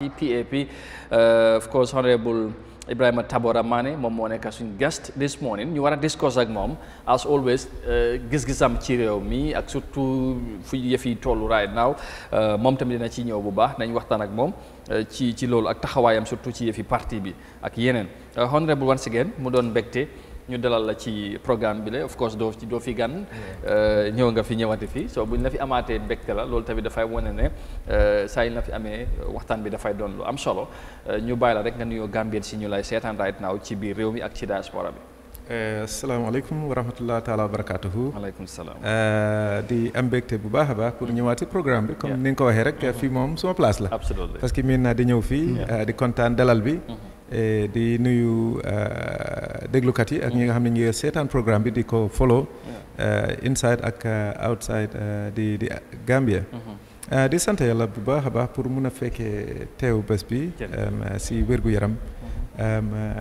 PAP. Uh, of course, Honorable Ibrahim Tabora Mane, moom moo nekk suñu guest this morning ñu war a discuss ak moom as always uh, gis-gisam ci réew mi ak surtout fu yëf yi toll right now uh, moom tamit dina ci ñëw bu baax nañ waxtaan ak moom uh, ci ci loolu ak taxawaayam surtout ci yëfi parti bi ak yeneen honorable once again mu doon mbégte. ñu dalal la ci programme bi la of course doo doo fi gan. Uh, ñëw nga fi ñëwati fi soo buñ la fi amaatee mbégte la loolu tamit dafay wane ne uh, saa yi la fi amee waxtaan bi dafay doon lu am solo uh, ñu bàyyi la rek nga nuyoo Gambien si ñu lay seetaan right now ci biir réew mi ak ci diaspora bi. salaamaaleykum wa rahmatulah taalaa wa barakaatuhu. waaleykum salaam. di am mbégte bu baax a baax pour mm. ñëwaat si programme bi. comme ni nga ko waxee rek mm-hmm. fii moom suma place la. parce que miin naa di ñëw fii. di kontaan dalal bi. Mm-hmm. Eh, di nuyu eh, déglukat yi ak ñi nga xam ne ñu ngi seetaan programme bi di ko follow eh, inside ak outside di di Gambia mm-hmm. di sant yàlla bu baax a baax pour mun a fekkee teew bés bi si wér-gu-yaram Eh,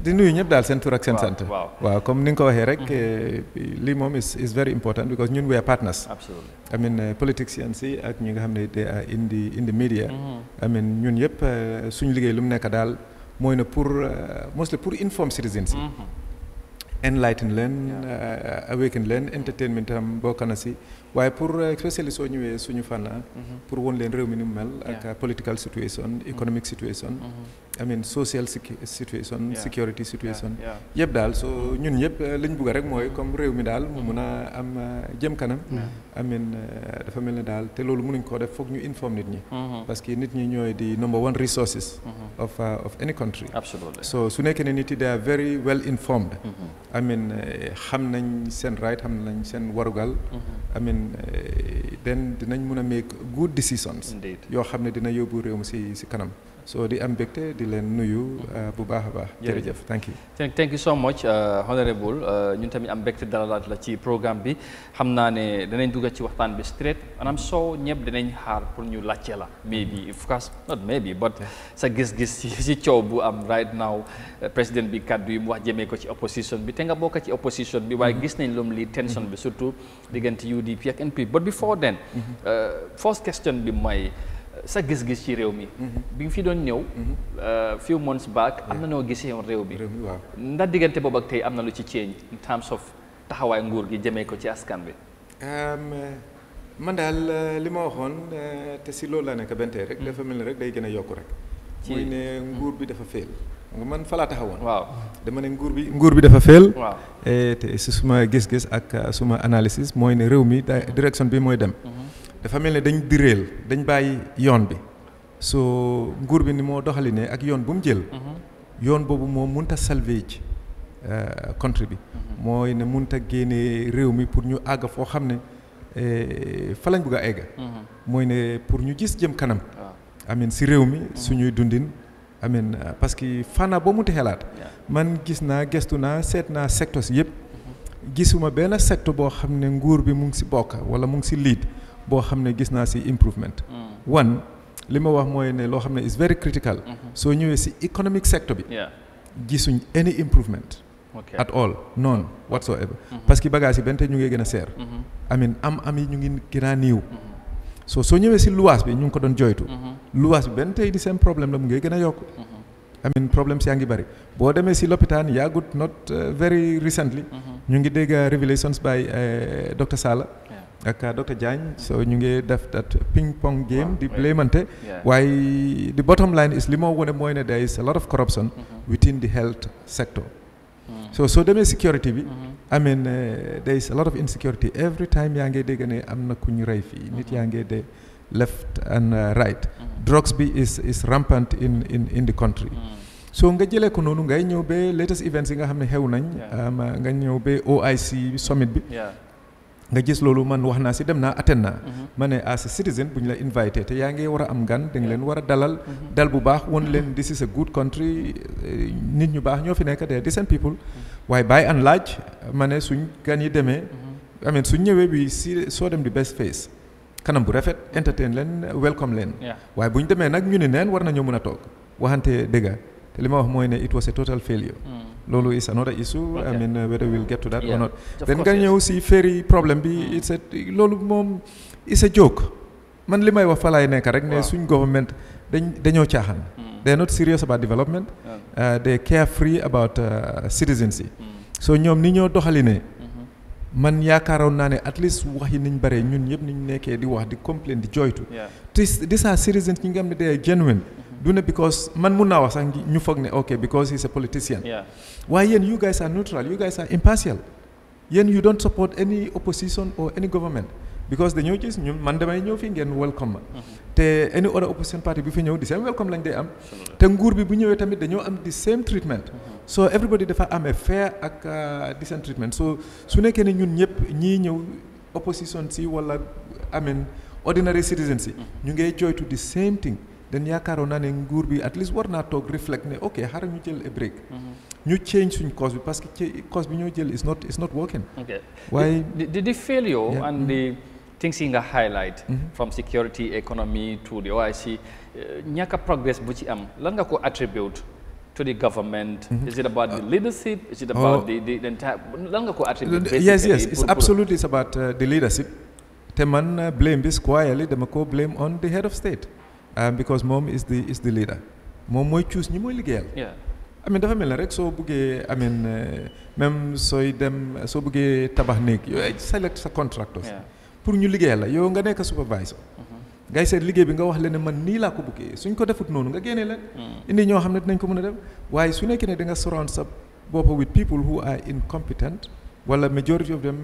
di nuyu ñëpp daal seen tur ak seen sant. waaw waaw comme ni nga ko waxee rek. Mhm. Eh, lii moom is very important because ñun we are partners. absolutely I mean eh, politicians yi ak ñi nga xam ne they are in the in the media. Mhm. I mean ñun yëpp suñ liggéey lu mu nekk daal mooy na pour mostly pour inform citizens yi. Mhm. enlighten leen awaken leen entertainment tam bokk na si waaye pour spécialiste soo ñëwee suñu fànna pour won leen réew mi ni mu mel ak political situation economic situation I mean social situation. security situation. yëpp daal so ñun ñëpp eh, li ñu bugg rek mooy comme réew mi daal mu mm-hmm. mun a am eh, jëm kanam. I mean eh, dafa mel ne daal te loolu mënuñ koo def foog ñu inform nit ñi. Mm-hmm. parce que nit ñi ñooy di number one resources. Mm-hmm. of of any country. so su nekkee ne nit yi they are very well informed. I mean xam nañ seen right xam nañ seen warugal. I mean then dinañ mun a make good decisions. yoo xam ne dina yóbbu réew mi si si kanam. so di am mbégte di leen nuyu mm-hmm. uh, bu baax a baax. jërëjëf thank you. thank you so much uh, honorable uh, ñun tamit am mbégte dalalaat la ci programme bi xam naa ne danañ dugg ci waxtaan bi straight maanaam soo ñëpp danañ xaar pour ñu laajte la. maybe mm-hmm. of course not maybe but sa gis-gis si coow bu am right now président bi kàddu yi mu wax jëmee ko ci opposition bi te nga bokk ci opposition bi waaye mm-hmm. gis nañ loom li tension bi surtout diggante UDP ak NP but before then. first question bi mooy. sa gis-gis ci réew mi. Mhm. bi nga fi doon ñëw. Mhm. Euh, few months back am na noo gisee woon réew bi ndax diggante boobu ak tey am na lu ci change in terms of taxawaay nguur gi jëmee ko ci askan bi. Um, euh, man daal euh, li ma waxoon te si loolu laa nekk benn rek mm. dafa mel ni rek day gën a yokk rek. ci ne mm. nguur bi dafa féel. man fa laa taxawoon. waaw dama ne nguur bi nguur bi dafa féel. waaw eh, te si suma gis-gis ak suma analysis mooy ne réew mi mm-hmm. direction bi mooy dem. Mm-hmm. dafa mel ne dañ diréel dañ bàyyi yoon bi soo nguur bi ni moo doxalinee ak yoon bu mu jël. Mhm. yoon boobu moo mënut a salvé ci euh, contre bi. Mhm. mooy ne mënut a génnee réew mi pour ñu àgg foo xam ne euh, fa lañ bëgg a egg. Mhm. mooy ne pour ñu gis jëm kanam. amin si réew mi suñuy dundin. amin parce que fana ba mu te xelaat man gis naa gestu naa seet naa secteurs yëpp. gisuma benn secteur boo xam ne nguur bi mu ngi si bokk wala mu ngi si liit. boo xam ne gis naa si improvement mm. one li ma wax mooy ne loo xam ne is very critical mm-hmm. soo ñëwee si economic sector bi gisuñ any improvement at all noonu whatsoever mm-hmm. parce que bagage yi benn te ñu ngi gën a seer mm-hmm. amin am am yi ñu ngi gën a néew so soo ñëwee si luwaas bi ñu ngi ko doon joytu luwaas bi benn tey di seen problème la mu ngi gën a yokk amin problème si yaa ngi bëri boo demee si lopitaan yaagut not uh, very recently ñu ngi dégg revelations by uh, ak docteur Diagne so ñu ngi def that ping pong game di blamante waaye the bottom line is li moo wone mooy ne there is a lot of corruption mm-hmm. within the health sector mm. so soo demee security bi mm-hmm. I mean eh, there is a lot of insecurity every time yaa ngi dégg am na ku ñu rey fii nit yaa mm-hmm. ngi de left and eh, right drugs bi is is rampant in in in the country mm. so nga jëlee ko noonu ngay ñëw ba latest events yi nga xam ne xew nañ um, nga ñëw ba OIC summit bi nga gis loolu man wax naa si dem naa Athènes naa mhm. ma ne as ah, a citizen bu ñu la invité te yaa ngi war a am gan da nga leen war a dalal mhm. dal bu baax won leen this is a good country eh, nit ñu baax ñoo fi nekk de di decent people mhm. waaye bàyyi an laaj ma ne suñ gan yi demee amen suñ ñëwee bi si soo dem di best face kanam bu rafet entertain leen welcome leen waaye bu ñu demee nag ñu ni neen war nañoo mën a toog waxante dëgga te li ma wax mooy ne it was a total failure mm. loolu is another issue okay. I mean uh, whether we'll get to that yeah. or not then nga ñëw si ferry problème bi mm. it's a loolu moom it's a joke man li may wax falaay laay nekk rek ne suñ government dañ dañoo caaxaan hmm. they are not serious about development uh, they care free about uh, citizens yi hmm. so ñoom ni ñoo doxali ne man yaakaaroon naa ne at least wax yi niñ bare ñun ñëpp ñu nekkee di wax di complain di joytu te di saa citizens ñi nga xam ne day genuine mm-hmm. du ne because man mun naa wax sax ñu foog ne ok because he's a politician waaye yéen you guys are neutral you guys are impartial yéen you don't support any opposition or any government because dañoo gis ñun man damay ñëw fii ngeen welcome ma mhm. te any other opposition party bu fi ñëw di same welcome lañ day am te nguur bi bu ñëwee tamit dañoo am di same treatment mhm. so everybody dafa amee fair ak decent uh, treatment so su nekkee ne ñun ñëpp ñii ñëw opposition si wala amen ordinary citizens si mhm. ñu ngay jooytu the same thing dañ yaakaaroon naa ne nguur bi at least war naa toog reflect ne ok xaaral ñu jël a break ñu change suñ cause bi parce que cause bi ñoo jël is not is not working things yi nga highlight. Mm-hmm. from security economy to the OIC eh, ñàkk a progress bu ci am lan nga ko attribute to the government. Mm-hmm. is it about the uh, leadership. is about oh. the ko attribute. yes yes it's absolutely it's about uh, leadership. te man uh, blame bi squarely dama ko blame on the head of state. Um, because moom is the is the leader. moom mooy choose ñi mooy liggéeyal. amin dafa mel ne rek soo buggee amin même sooy dem soo buggee tabax néeg yooyu select sa contractors pour ñu liggéeyal la yow nga nekk supervisor mhm. ngay seet liggéey bi nga wax leen man nii laa ko bëggee suñ ko defut noonu nga génnee leen mhm. indi ñoo xam ne dinañ ko mën a def waaye su nekkee ne da nga surround sa boppa with people who are incompetent wala majority of them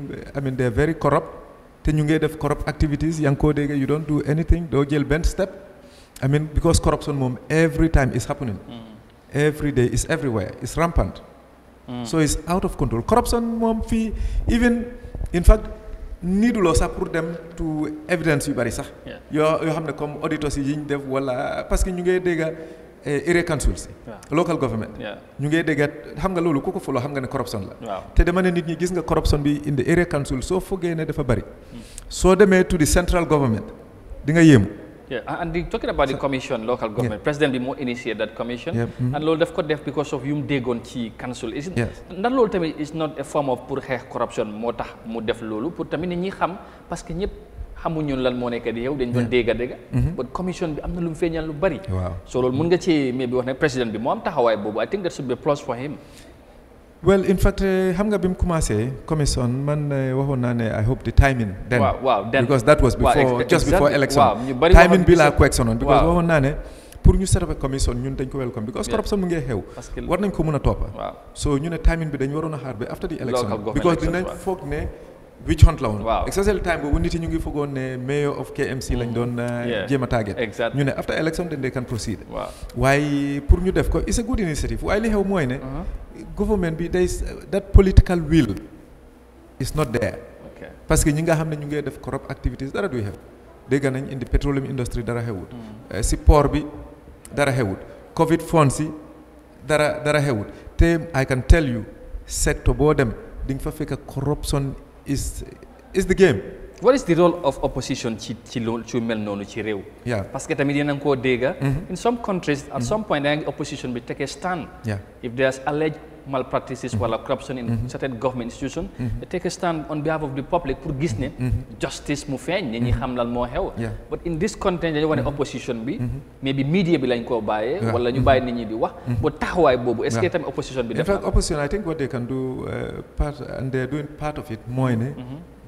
they are very corrupt te ñu ngee def corrupt activities yaa ngi koo déggee you don't do anything doo jël benn step I mean because corruption moom every time is happening mm. every day is everywhere is rampant mm. so niiduloo sax pour dem to evidence yu bari sax. yoo yoo xam ne comme auditeurs yi ñu def wala parce que ñu ngay dégg area eh, councils. local government. ñu ngay dégg xam nga loolu ku ko xam nga ne corruption la. te dama ne nit ñi gis nga corruption bi indi area council soo foogee ne dafa bari. Mm. So deme to the central government di nga yéemu. Yeah, and the, talking about the commission, local government, yeah. President Bimo initiated that commission, yep. mm -hmm. and Lord because of Yum Degon Chi Council. Isn't yes. that Lord not a form of poor corruption, Mota Mudef Lulu, put Tamil in Yiham, Paskin xamuñu lan moo nekk di yow dañ doon dégga dégga mm-hmm. but commission bi am na lu mu feeñal lu bari so loolu mun nga ci mais bi wax ne président bi moo am taxawaay boobu I think that should be a plus for him well in fact eh, xam nga bi mu commencé commission man eh, waxoon naa ne I hope the timing. then because that was before just before election. timing bi laa questionoon. because waxoon naa ne. pour ñu set a commission ñun dañ ko welcome because corruption mu ngee xew war nañ ko mën a toppa so ñu ne timing bi dañ waroon a xaar ba after the election because dinañ foog ne witch hunt waaw essentiel time boobu nit yi ñu ngi foogoon ne mayor of KMC lañ doon. Mm. Uh, jéem a target. exactly ñu ne after election then they waaye pour ñu def ko it's a good initiative waaye li xew mooy ne. Mm-hmm. government bi day that political will is not there. parce que ñi nga xam ne ñu ngi def corrupt activities dara duy xew. dégg nañ indi petroleum industry dara xewut. Mm. Eh, si port bi dara xewut. Covid funds yi dara dara xewut te I can tell you secteur boo dem di fa fekk corruption. is is the game. what is the role of opposition ci ci loolu ci mel noonu ci réew. parce que tamit yéen a ngi ah. mm-hmm. in some countries at mm-hmm. some point da opposition bi take a stand. Yeah. if there's alleged malpractices mhm. wala corruption in mhm. certain government institution mhm. take a stand on behalf of the public pour gis ne justice mu feeñ ñi xam lan moo xew but in this content dañu wane opposition bi mais bi media bi lañ koo bàyyee wala ñu bàyyi nit ñi di wax ba taxawaay boobu est tamit opposition bi def opposition I think what they can do uh, part of it mooy ne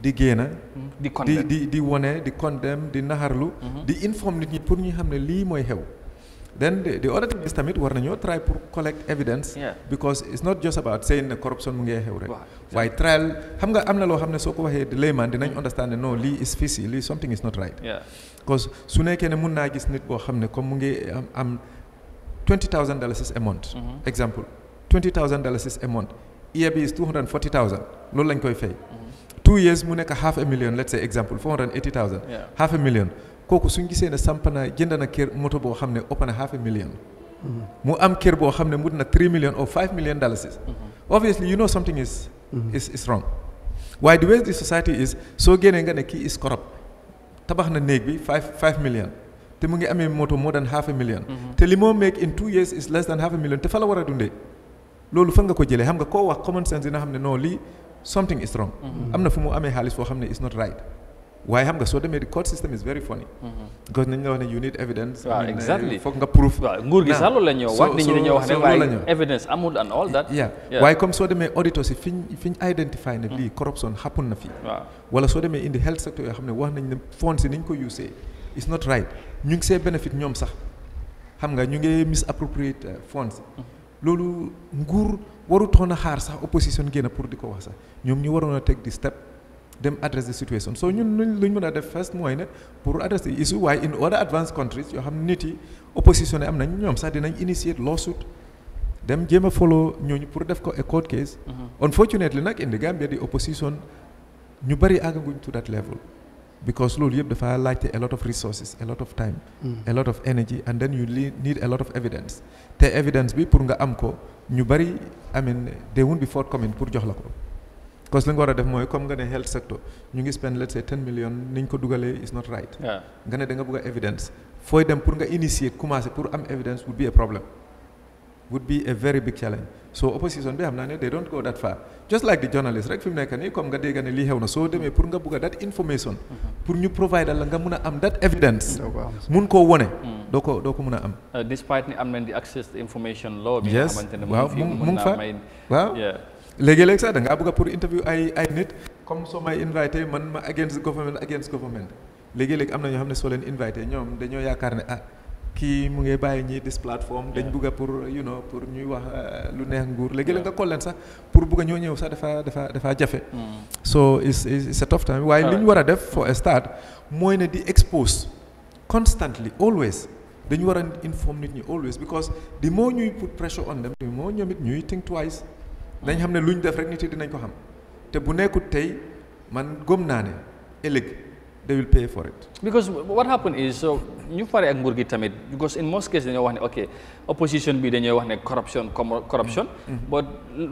di génn di di di wone di condemn di naxarlu di informe nit ñi pour ñu xam ne lii mooy xew then the, the other thing tamit war nañoo try pour collect evidence yeah. because it's not just about saying ne corruption mu ngee xew rek waaye trial xam nga am na loo xam ne soo ko waxee layman dinañ understand ne non lii is fishy lii something is not right because su nekkee ne mun naa gis nit boo xam ne comme mu ngi am am twenty thousand dollars a month mm-hmm. exemple twenty thousand dollars a month year bi is loolu lañ koy fay mm-hmm. two years mu nekk a million let's say example four hundred and eighty million Koko suñ gisee ne samp na jënd na kër moto boo xam ne ëpp na half a million mm-hmm. mu am kër boo xam ne na 3 million or 5 million dollars mm-hmm. obviously you know something is mm-hmm. is is wrong waaye the way the society is soo génnee nga ne kii is corrupt tabax na néeg bi 5 5 million te mu ngi amee moto more than half a million te li moo make in two years is less than half a million te fa la war a dundee loolu fan nga ko jëlee xam nga koo wax common sense dina xam ne non lii something is wrong am na fu mu amee xaalis foo xam ne is not right waaye xam nga soo demee di court system is very funny. Mm-hmm. because nañ la wax ne you need evidence. waaw exactly foog nga proof. waaw nguur gi sax loolu la ñu wax nit ne waaye evidence amul and all that. waaye comme soo demee auditors yi fi ñu fi identify ne mm. lii corruption happen na fii. waaw soo demee indi health sector yoo xam ne wax nañ ne fonds yi ni ñu ko usee it's not right ñu ngi see benefit ñoom sax xam nga ñu ngi misappropriate fonds uh, mm. loolu nguur warutoon a xaar sax opposition génn pour di ko wax sax ñoom ñu waroon a teg dem address the situation so ñun luñ luñ mën a def first mooy ne pour address the issue waaye in other advanced countries yoo xam nit yi opposition ne am nañ ñoom sax dinañ initier lawsuit dem jéem a follow ñooñu pour def ko a court case mm-hmm. unfortunately nag indi the Gambia di opposition ñu bëri àggaguñ to that level because loolu yëpp dafa laajte a lot of resources a lot of time mm. a lot of energy and then you need a lot of evidence te evidence bi pour nga am ko ñu bëri I mean they won't be forthcoming pour jox la ko parce que li nga war a def mooy comme nga ne health sector ñu ngi spend let's say 10 million ni ko dugalee is not right. nga ne da nga evidence. fooy dem pour nga initier commencer pour am evidence would be a problem would be a very big challenge so opposition bi xam naa ne they don't go that far just like the journalist rek fi mu nekk nii comme nga dégg ne lii xew na soo demee pour nga bëgg a that information. Mm-hmm. pour ñu provide la nga mun a am that evidence. Mm-hmm. Mm-hmm. mun koo wone. Mm. ko doo ko mun a am. Uh, despite am nañ di access information law. bi nga xamante ne mu léegi léeg sax da ngaa bëgg pour interview ay ay nit comme soo may invité man ma against government against government léegi-léegi am na ñoo xam ne soo leen invité ñoom dañoo yaakaar ne ah kii mu ngi bàyyi ñii dis plateforme dañ bëgg pour you know pour ñuy wax euh, lu neex nguur léegi-léegi nga kol leen sax pour bëgg ñoo ñëw sax dafa dafa dafa jafe. Mm. so it's it's a tough time waaye li ñu war a def for a start mooy ne di expose constantly always. dañu war a inform nit ñi always because the more ñuy put pressure on them the more it ñuy think nañ xam ne lu ñu def rek nit yi dinañ ko xam te bu nekkut tey man gëm naa ne ëllëg they will pay for it. Because what happened is, so ñu fare ak nguur gi tamit because in most cases dañoo wax ne ok opposition bi dañoo wax ne corruption corruption. Mm-hmm. Mm-hmm.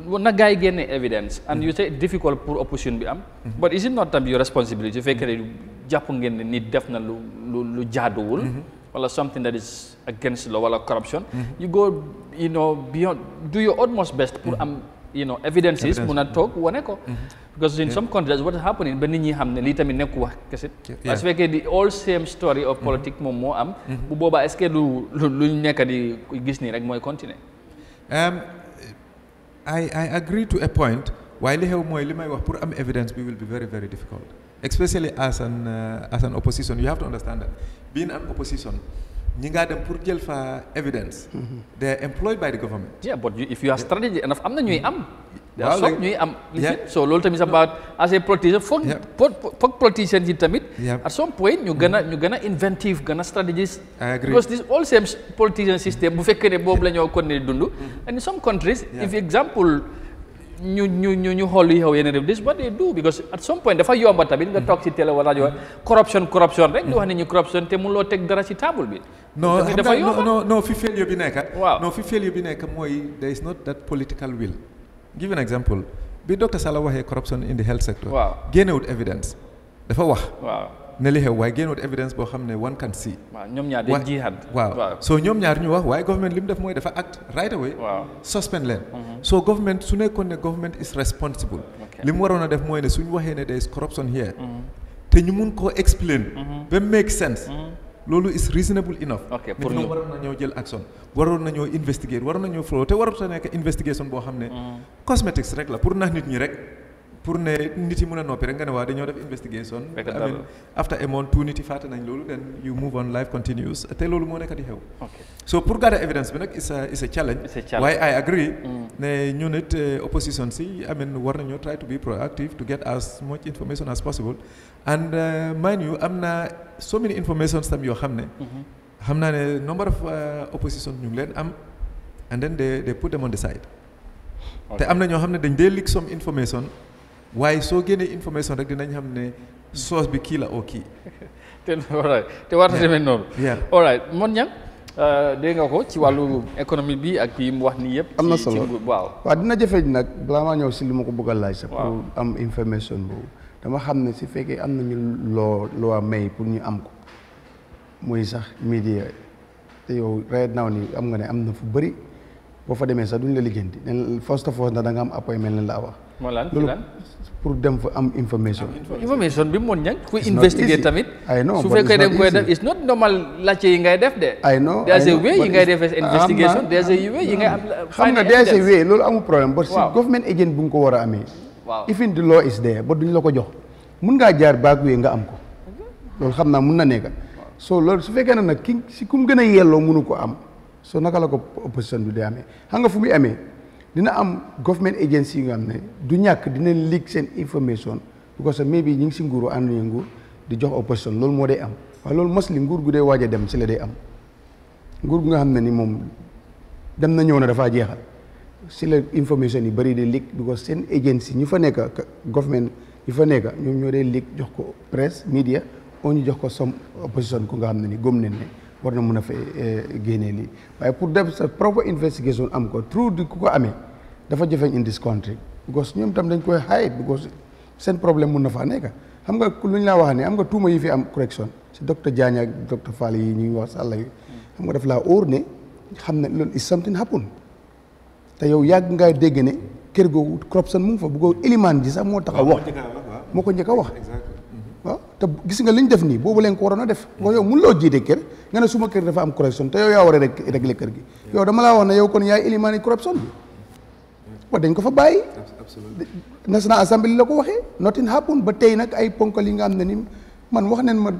but na gaa yi génne evidence. and you mm-hmm. say difficult pour opposition bi am. but is it not tamit your responsibility. su fekkee jàpp ngeen ne nit def na lu lu lu jaaduwul. wala something that is against law wala corruption. you go you know beyond do your utmost best pour am. you know evidences mun a toog mm-hmm. wane ko mm-hmm. because in some countries what is happening ba nit ñi xam ne lii tamit nekku wax kese parce que the all same story of mm-hmm. politique moom moo am bu boobaa est-ce que lu lu ñu nekk di gis nii rek mooy continuer um, I I agree to a point waaye li xew mooy li may wax pour am evidence bi will be very very difficult especially as an uh, as an opposition you have to understand that being an opposition Nyingadam pour jël fa evidence. Mhm. They are employed by the government. Yeah, but you, if you are strategic enough, am na ñuy am. They are soog ñuy am. Yeah. So time tamit about as a politician foog foog politician yi tamit. At some point ñu gën a ñu gën a inventive gonna strategist. I agree. Because this all same politician system bu fekkee ne boobu la ñoo continuer And in some countries, if example. ñu ñu ñu ñu xool li xew yeneen réew this what they do because at some point dafa yomba tamit nga toog ci télé wala rajo corruption corruption rek di wax ne ñu corruption te mënuloo teg dara ci table bi non dafa fi failure bi nekk waaw non fi failure bi nekk mooy there is not that political will give an example bi docteur Sallah waxee corruption in the health sector waaw génnewut evidence dafa wax waaw ne li xew waaye génnoot evidence boo xam ne one can see. waaw ñoom ñaar dañ jihaad waaw ñoom ñaar ñu wax waaye government li mu def mooy dafa act right away. waaw suspend leen. Mm-hmm. soo government su nekkoon ne government is responsible. li mu waroon a def mooy ne suñu waxee ne there is corruption here. Mm-hmm. te ñu mun koo explain. Mm-hmm. ba make sense. loolu is reasonable enough. ok pour ñu waroon nañoo jël action waroon nañoo investigate waroon nañoo follow te warut a nekk investigation boo xam ne. cosmetics rek la pour nax nit ñi rek. pour ne nit yi mën a noppi rek nga ne waa dañoo def investigation. I mean after a month two nit yi fàtte nañ loolu then you move on life continues te loolu moo nekk di xew. so pour garder evidence bi nag is a is a challenge. waaye I agree. Mm. ne ñu nit eh, opposition si I mean war nañoo try to be proactive to get as much information as possible and eh, mind you am na so many informations tam yoo xam ne. Mm-hmm. xam naa ne number of eh, opposition ñu leen am and then they they put them on the na ñoo xam ne dañ dee leak some information. waaye soo génnee information rek dinañ xam ne soos bi kii la oo kii. te te war demee noonu. all right Mon Niang euh, dégg nga ko ci wàllu économie bi ak yi mu wax nii yëpp. am na solo waaw waaw dina jafe nag balaa maa ñëw si li ma ko bëgg a laaj sax. pour am information boobu. dama xam ne si fekkee am nañu loo loo may pour ñu am ko mooy sax media te yow right now ni am nga ne am na fu bari boo fa demee sax duñ la liggéeyanti di first of all da nga am appointment leen la wax. moo lan loolu pour dem fa am information. information bi moo ñañ. ku investigate tamit. ay non su fekkee da koy def it's not normal laajte yi ngay def de. ay non there's a way yi ngay defee investigation there's a way yi ngay am. xam nga there's a way loolu amul problème. but si government agent bu nga ko war a amee. waaw even the law is there but duñ la ko jox. mun ngaa jaar baag wee nga am ko. loolu xam naa mun na nekk. so loolu su fekkee ne si ku mu gën a yelloo mënu ko am. so naka la ko opposition bi di amee xam nga fu muy amee. dina am government agency yu nga xam ne du ñàkk dina leak seen information because may bi ñu ngi si nguuru ànd nañu nguur di jox opposition loolu moo day am waaye loolu mosli nguur gu dee waaj dem si la day am nguur gu nga xam ne ni moom dem na ñëw na dafaa jeexal si la information yi bëri di leak because seen agency ñu fa nekk government ñu fa nekk ñoom ñoo dee leak jox ko presse media oo ñu jox ko some opposition ku nga xam ne ni gëm nañ ne war na mën a fa eh, génnee lii pour def sa propre investigation am ko trou di ku ko amee dafa jafeñ in this country because ñoom tam dañ koy hide because seen problème mun fa faa nekk xam nga lu la wax ne am nga tuuma am correction si docteur Diagne ak Fali Fall yi ñuy wax sàlla yi xam nga daf xam ne is something happen ta yow yag ngaa dégg ne kër googu corruption mu fa bu ko ilimaan ji sax moo tax a wax moo ko njëkk a wa waaw gis nga def nii boobu leen ko waroon def mm-hmm. yow kër nga ne suma kër dafa am corruption te yow yaa war a régler kër gi yow dama laa wax na yow kon yaay ilimaani corruption bi waaw dañ ko fa bàyyi national assembly la ko waxee nothing happen ba tey nag ay ponkal yi nga am ne ni man wax neen ma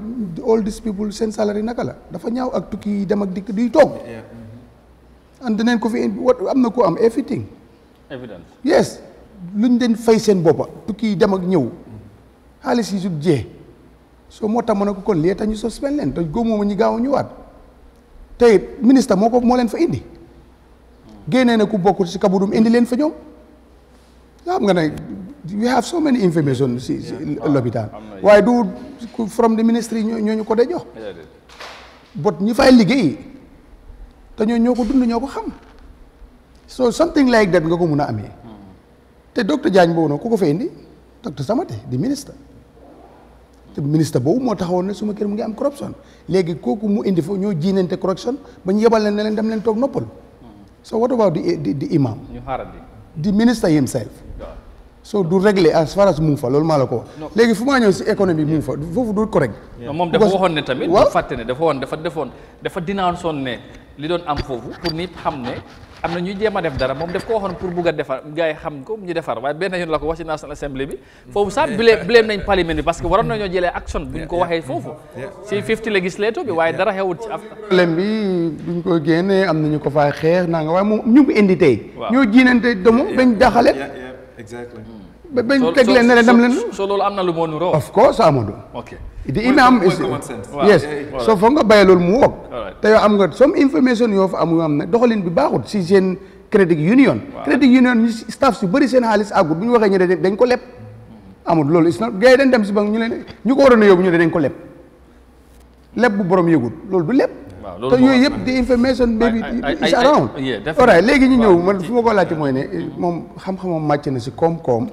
all these people seen salary naka la dafa ñaaw ak tukki yi dem ak dikk duy toog mm-hmm. and neen ko fi am na ko am everything evidence yes luñ leen fay seen boppa tukki yi dem ak ñëw mm-hmm. xaalis yi su jeex soo moo tax ma ne ko kon lii tax ñu suspend leen te góob ñu gaaw ñu waat te it ministre moo ko moo leen fa indi génnee na ku bokkul si kabudum indi leen fa ñoom xam nga ne we have so many information si si l'hôpital waaye du from the ministry ñu ko de jox bot ñi fay liggéey te ñoo ñoo ko dund ñoo ko xam so something like that nga ko mun a amee hmm. te docteur jaañ boobu noonu ku ko fa indi sama Samate di ministre te ministre boobu moo taxawoon ne suma kër mu ngi am corruption léegi kooku mu indi fa ñoo jiinante corruption ba ñu yebal leen ne leen dem leen toog noppal so what about the imam the minister himself so du régler as far as mu fa loolu maa la ko wax. léegi fu maa ñëw si économie mu ngi fa foofu du correct. moom dafa waxoon ne tamit. waaw bu fàtte ne dafa woon dafa defoon dafa dinaa sonn ne li doon am foofu pour nit xam ne. am na ñuy jéem a def dara moom daf ko waxoon pour bugg defar gars yi xam ko ñu defar waaye benn yoon la ko wax ci National Assembly bi foofu sax blé blé nañ parlement bi parce que waroon nañoo jëlee action buñ ko waxee foofu ci fifty legislature bi waaye dara xewut ko génnee am nañu ko fay xeex naa nga waaye moom ñu mu indi tey ñoo jiinante demu bañ daxalet exactement ba bañ teg leen ne leen dem leen. soo loolu am na lu moo nuroo. of course Amadou. ok dina am yes soo foog nga bàyyi loolu mu wokk. te yow am nga some information yoo fa am am ne doxalin bi baaxul si seen credit union. credit union staff su bëri seen xaalis àggul bu ñu waxee ñu dañ ko leb. Amadou loolu is na gars dañ dem si banque ñu leen ñu ko waroon a yóbbu ñu ne dañ ko leb leb bu borom yëgul loolu du leb. te yooyu yëpp di information baby is around alright léegi ñu ñëw man fu ma ko laajte mooy ne eh, moom xam-xamam màcc na si koom-koom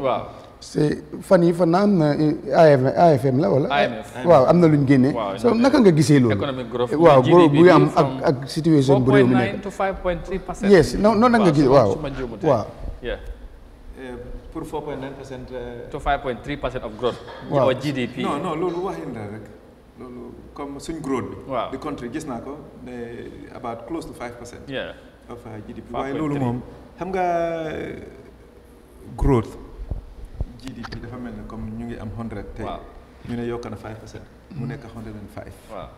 c'est fan yi fa fan naa eh, am na AFM la wala waaw am na lu ñu génnee so naka nga gisee loolu waaw bu am ak ak situation bu réew mi nekk yes non noonu naka nga gisee waaw waaw eh, pour 4.9 percent to 5.3 percent of growth. waaw GDP. non non loolu waxin la rek comme suñ growth bi. waaw the gis naa ko about close to five percent. yeah of uh, GDP waaye loolu moom xam nga uh, growth GDP dafa mel ne comme ñu ngi am hundred ñu ne yokk na five mu nekk hundred and five waaw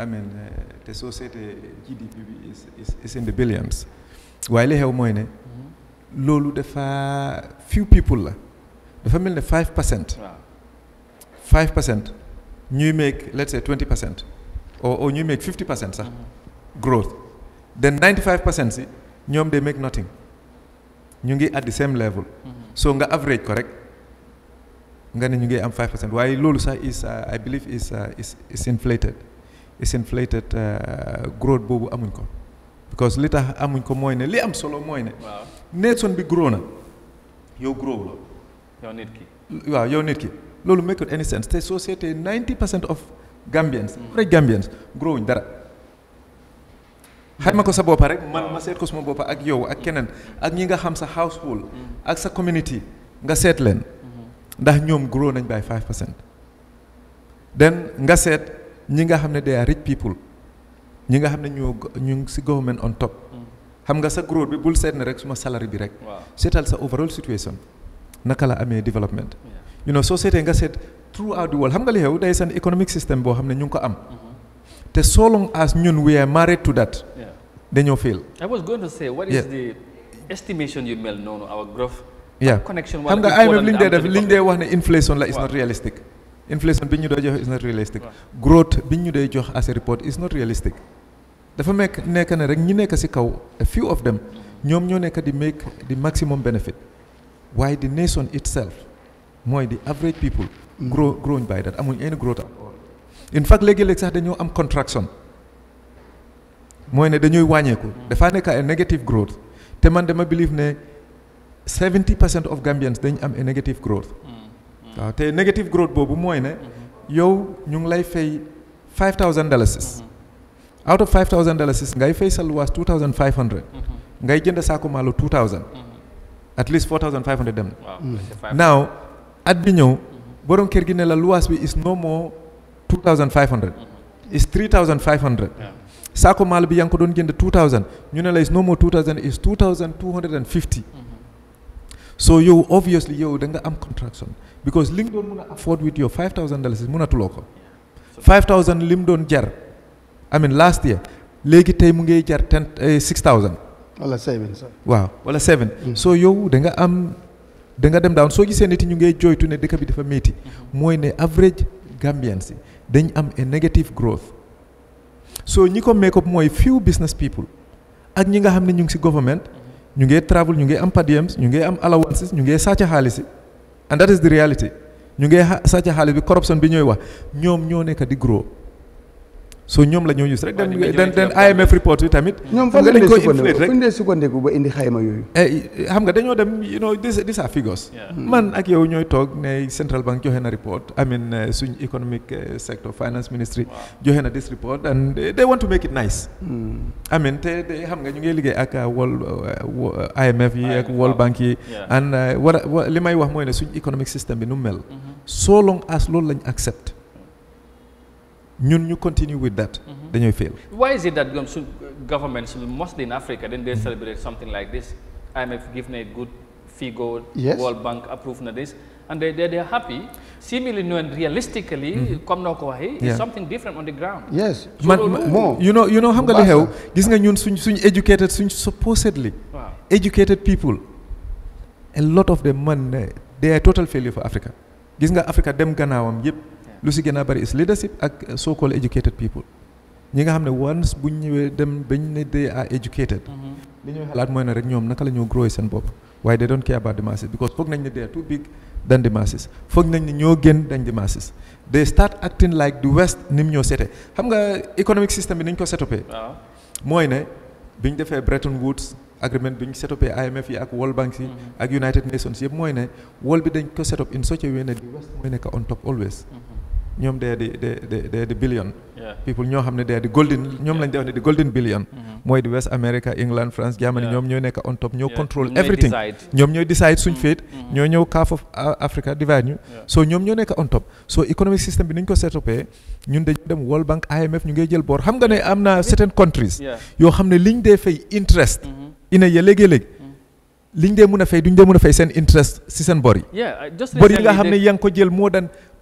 uh, te soo seetee GDP bi is is in the billions waaye li xew mooy ne mm-hmm. loolu dafa few people la dafa mel ne five percent five percent You make let's say 20 percent or or you make 50 percent sir, mm-hmm. growth then 95 percent see, ñoom they make nothing ñu at the same level. Mm-hmm. so nga average correct? rek nga am 5 percent Why loolu sax is uh, I believe is uh, is is inflated is inflated uh, growth boobu amuñ because later amunko moine ko li am solo moine. ne. waaw nation bi grow na you grow You yow nit ki. you're nit Lolu, make any sense they société 90 percent of Gambians. vrai Gambians growing. dara. xayma ko sa boppa rek man ma seet ko suma boppa ak yow ak ak ñi nga xam sa household. ak sa community nga seet leen. ndax grow nañ by 5 percent. then nga seet ñi nga they are rich people ñi nga xam nyungsi ñu si government on top. xam nga sa growth bi bul seet ne rek suma salary bi rek. sa overall situation naka la development. you know soo seetee nga seet throughout the world xam nga li xew day seen economic system boo xam ne ñu ngi ko am. Mm-hmm. te so long as ñun we are married to that. dañoo fail. I was going to say what is the yu mel noonu our growth. connection xam nga IMF liñ dee def liñ dee wax ne inflation la is not realistic. inflation bi ñu doon jox is not realistic. growth bi ñu dee jox as a report is not realistic. dafa mekk nekk na rek ñi nekk ci kaw a few of them ñoom ñoo nekk di make the maximum benefit waaye the nation itself. mooy di average people mm. grow growing by that amuñ any growth at in fact léegi-léeg sax dañoo am contraction mooy ne dañuy wàññeeku mm. dafaa nekk ay negative growth te man dama believe ne 70 percent of Gambians dañ am a negative growth mm, waaw te negative growth boobu mooy ne mm-hmm. yow ñu ngi lay fay 5000 dalasis mm-hmm. out of 5000 dalasis ngay fay sa luwaas 2500 mm-hmm. ngay jënd saako maalo 2000 at least 4500 dem na now at bi ñëw borom kër gi ne la luwaas bi is no more two thousand five hundred is three thousand five hundred saako maalo bi yaa ngi ko doon jënd ñu ne la is no more two thousand yow obviously yow da am contraction because li a afford with your five thousand dollars mënatuloo li mu doon jar I mean last year léegi tey mu ngay jar ten eh, six thousand wala seven waaw wala seven mm. yow da am da nga dem daawoon soo gisee nit ñu ngay joytu ne dëkk bi dafa métti mooy ne average Gambians si dañ am a negative growth so ñi ko make up mooy few business people ak ñi nga xam ne ñu ngi si government ñu ngee travel ñu ngee am per diems ñu ngee am allowances ñu ngee sàcc xaalis yi and that is the reality ñu ngee sàcc xaalis bi corruption bi ñooy wax ñoom ñoo nekk di grow so ñoom lañoo ñoo gis rek dem den IMF report yi tamit ñoom fan nga dañ koy inflate rek fu ñu dee yooyu eh, xam nga dañoo dem you know these are figures hmm. man ak yow ñooy toog ne central bank joxe na report I mean eh, suñ economic eh, sector finance ministry joxe na this report and they want to make it nice hmm. I mean te xam nga ñu ngi liggéey ak uh, world uh, uh, IMF yi ak world bank yi and war li may wax mooy ne suñ economic system bi nu mel mm-hmm. so long as loolu lañ accept ñun ñu continue with that. Mm-hmm. dañooy fail. why is it that some governments mostly in Africa then they celebrate something like this IMF give na good figure. yes World Bank approve na this. and they, they, happy. Seemingly and realistically, mm-hmm. comme noo ko waxee, yeah. is something different on the ground. You know, you know xam nga li xew gis nga ñun suñ suñ educated suñ supposedly wow. educated people a lot of them man they are total failure for Africa gis nga Africa dem gannaawam yëpp lu si gën a bëri is leadership ak so called educated people ñi nga xam ne once bu ñëwee dem bañ ne they are educated mhm. li ñuy xalaat mooy na rek ñoom naka la ñoo grow seen bopp waaye they don't care about the masses because foog nañ ne they are too big than the foog nañ ni ñoo gën dañ the masses they start acting like the west ni mu ñoo seete xam nga economic system bi ni ñu ko setopee mooy ne bi ñu defee Bretton Woods agreement bi ñu setopee IMF yi ak World Bank yi mhm. ak United Nations yëpp mooy ne world bi dañ ko setop in such a way ne mooy nekk on top always mhm. ñoom dee di dee dee di billion. people ñoo xam ne dee di golden lañ dee wax billion. Mm-hmm. mooy di West America England France Germany ñoom ñooy nekk on ñoo control everything. ñoom ñooy decide mm-hmm. Mm-hmm. ñoo ñëw Cup so on top so economic system bi ni ñu ko setupee ñun dañu dem World Bank IMF ñu ngay jël boor xam nga ne am na certain countries. yoo xam ne liñ dee fay interest. ina ya léegi-léegi. liñ dee mun a fay duñ dee mun a fay seen interest si seen bor yi. bor yi nga xam ne yaa ngi ko jël moo daan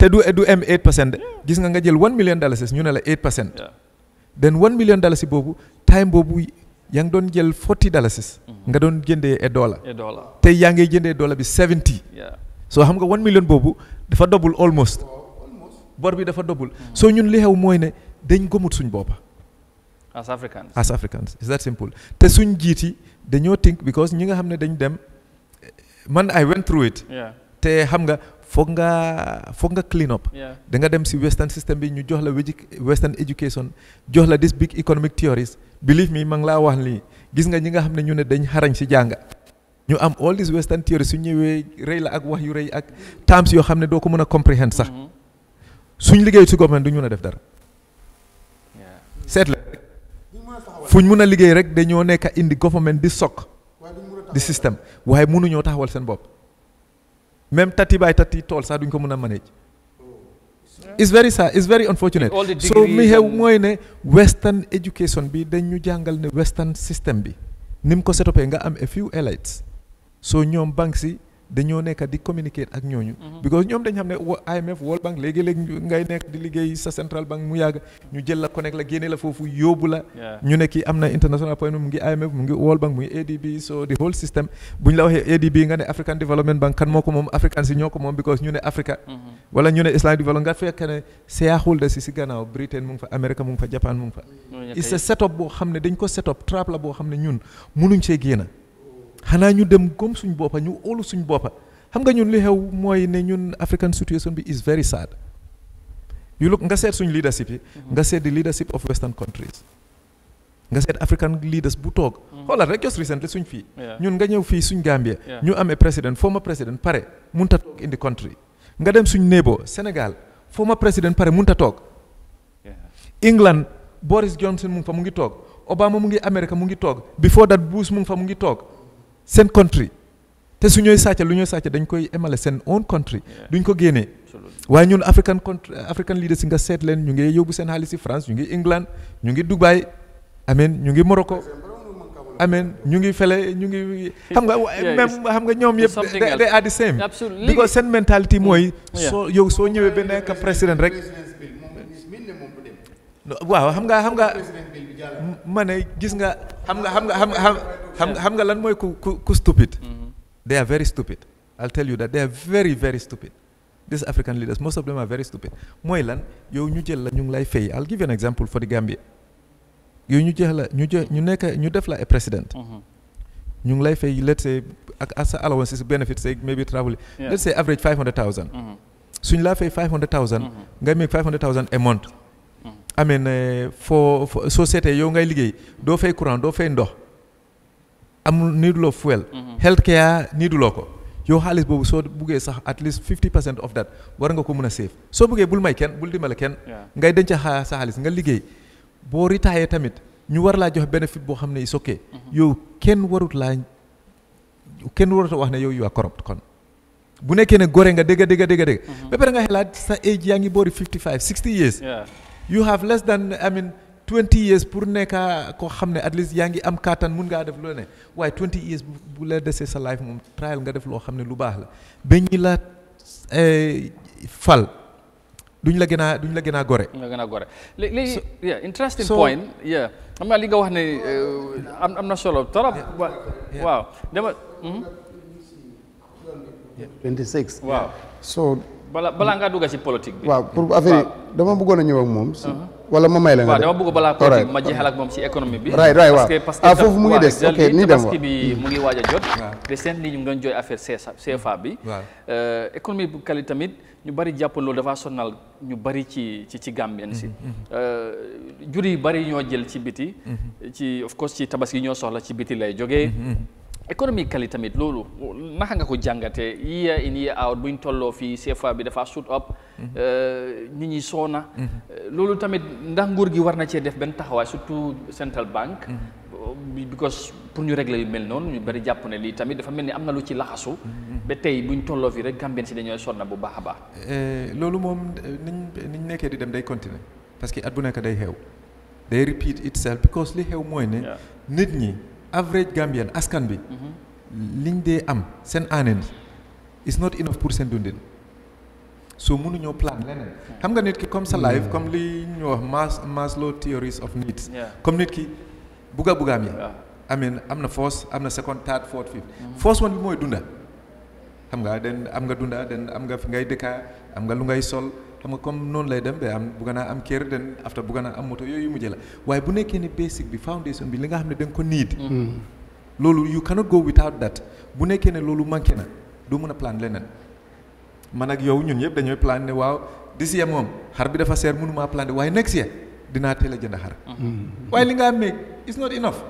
te du du am 8 de gis nga nga jël 1 million dollars ñu ne la 8 percent. den 1 million dollars boobu time boobu yaa ngi doon jël 40 dollars. Mm-hmm. nga doon jëndee a dollar. a tey yaa ngay jëndee dollar bi 70. soo xam nga 1 million boobu dafa double almost. bor bi dafa double. Mm-hmm. soo ñun li xew mooy ne dañ gëmut suñ boppa as Africans as Africans is te suñ jiit yi dañoo think because ñi nga xam ne dañ dem man I went through it. te xam nga. foog nga foog nga clean up danga dem si western system bi ñu jox la western education jox la this big economic theories believe me ma ngi laa wax nii gis nga ñi nga xam ne ñu ne dañ xarañ si jànga ñu am all these western theories su ñëwee rëy la ak wax yu rëy ak terms yoo xam ne doo ko mën a comprehend sax mm-hmm. suñ liggéey si government du ñu mën a def dara seetla la fuñ mën a liggéey rek dañoo nekk indi government di sokk di système waaye mënuñoo taxawal seen bopp même tati by tati tool sax duñ ko mën a manage it's very sad it's very unfortunate so mi xew mooy ne western education bi dañ ñu jàngal ne western system bi ni mu ko setopee nga am a few elites so ñoom banque si dañoo nekk di communiquer ak ñooñu. Mhm. because ñoom dañ xam ne IMF World Bank léegi-léegi ngay nekk di liggéey sa central bank mu yàgg ñu jël la connect la génne la foofu yóbbu la. ñu ne kii am na international point mu ngi IMF mu ngi World Bank mu ADB so the whole system bu ñu la waxee ADB nga ne African Development Bank kan moo ko moom African si ñoo ko moom because ñu ne Africa. Mhm. wala ñu ne Islamic Development nga fekk ne shareholder si si gannaaw Britain mu ngi fa America mu fa Japan mu ngi boo xam ne dañ ko set up trap boo xam ne ñun munuñ see génn xanaa ñu dem comme suñ boppa ñu óolu suñ boppa xam nga ñun li xew mooy ne ñun African situation bi is very sad yu lu nga seet suñ leadership yi mm-hmm. nga seet di leadership of western countries nga seet African leaders bu toog mm-hmm. xoolal rek just suñ fii ñun nga ñëw fii suñ Gambia ñu amee président former président pare munta toog in the country nga dem suñ néeboo Sénégal former président pare munta toog England Boris Johnson mu ngi fa mu ngi toog Obama mu ngi America mu ngi toog before that Bush mu fa mu ngi toog seen country te su ñooy sàcca lu ñooy sàcca dañ koy emale seen own country duñ ko génnee waaye ñun african country african leaders nga seet leen ñu ngi yóbbu seen xaalis si France ñu ngi England ñu ngi Dubai ameen ñu ngi Morocco ameen ñu ngi fële ñu ngi xam nga même xam nga ñoom yëpp they are the same because seen mentalité mooy soo yow soo ñëwee ba nekk président rek waaw xam nga xam nga ma gis nga xam nga xam nga xam xam nga lan mooy ku ku ku stupid. Mm-hmm. they are very stupid. I'll tell you that they are very very stupid. these African leaders most of them mooy lan yow ñu jël la ñu ngi lay fay I'll give you an example yow ñu jël la ñu jël ñu nekk ñu def la ay président. Mm-hmm. ñu ngi lay fay let's say ak sa allowances benefits say bi travel. let's say average five hundred thousand. Mm-hmm. suñ laa fay five hundred thousand. nga make five hundred thousand a month. amee ne foo société yow ngay liggéey doo fay courant doo fay ndox. amul niiduloo fuel. Mhm. health care niiduloo ko yow xaalis boobu soo buggee sax at least 50 percent of that war nga ko mën a save soo buggee bul may kenn bul dimbale kenn. ngay denc sa xaalis nga liggéey boo ritaayee tamit ñu war laa jox bénéfice boo xam ne it's okay. Mhm. yow kenn warut laa kenn warut a wax ne yow you are corrupt kon. bu nekkee ne gore nga dégg dégg dégg dégg. Mhm. ba nga xelaat sa age yaa ngi boori you have less than I mean. twenty years pour nekka ko xam ne at least yaa ngi am kàttan mun ngaa def loo ne waaye twenty years bu la desee sa life moom trial nga def loo xam ne lu baax la ba ñi la eh, fal duñ la gën a duñ la gën a gore. duñ la gën a gore léegi yeah interesting point. yeah xam naa li nga wax ne eh, am am na solo trop. waaw dama. Mhm. waaw so. balaa balaa ngaa dugg ci politique bi. waaw pour affaire yi dama bëggoon a ñëw moom. si uh-huh. wala ma may la nga def dama bëgg balaa politique ma jeexal ak moom si économie bi. Ah, mu ngi des hmm. a jot. waaw recent ni ñu ngi doon jooy affaire CFA bi. waaw euh, économie bu kali tamit ñu bari jàppoon loolu dafa sonal ñu bari ci ci ci Gambien si. Hmm, hmm, euh, jur yi bari ñoo jël ci biti. ci of course ci tabaski ñoo soxla ci biti lay jógee. economically tamit loolu naka nga ko jàngatee year in year out buñ tolloo fii CFA bi dafa shoot up. Mhm. Euh, nit ñi soona mhm. euh, loolu tamit ndax nguur gi war na cee def benn taxawaay surtout central bank. Mhm. because pour ñu régler yu mel noonu ñu bari jàpp ne lii tamit dafa mel ni am na lu ci laxasu. ba tey buñ tolloo fii rek Gambien si dañooy sonna bu baax baax. Euh, loolu moom niñ nekkee di dem day continuer parce que at bu nekk day xew. day repeat xew mooy nit ñi. average Gambien askan bi. Mhm. liñ dee am seen aaneen is not enough pour seen dundin so mënuñoo plan leneen. xam nga nit ki comme sa mm. life comme lii ñu wax Mas Maslow theories of needs. comme nit ki bugga buggaam yi. am na first am na second third fourth fifth. Mm-hmm. first one bi mooy dunda. xam nga den am nga dunda den am nga fi ngay dëkkaa am nga lu ngay sol. xam nga comme noonu lay dem day am bëgg naa am kër den after bëgg naa am moto yooyu mujj la waaye bu nekkee ni basic bi foundation bi li nga xam ne da nga ko need mm. Mm. loolu you cannot go without that bu nekkee ne loolu manqué na doo mën a plan leneen man ak yow ñun yëpp dañooy plan ne waaw this year moom xar bi dafa seer mënumaa plan de waaye next year dinaa teel a jënd xar mm. waaye li nga am meeg it's not enough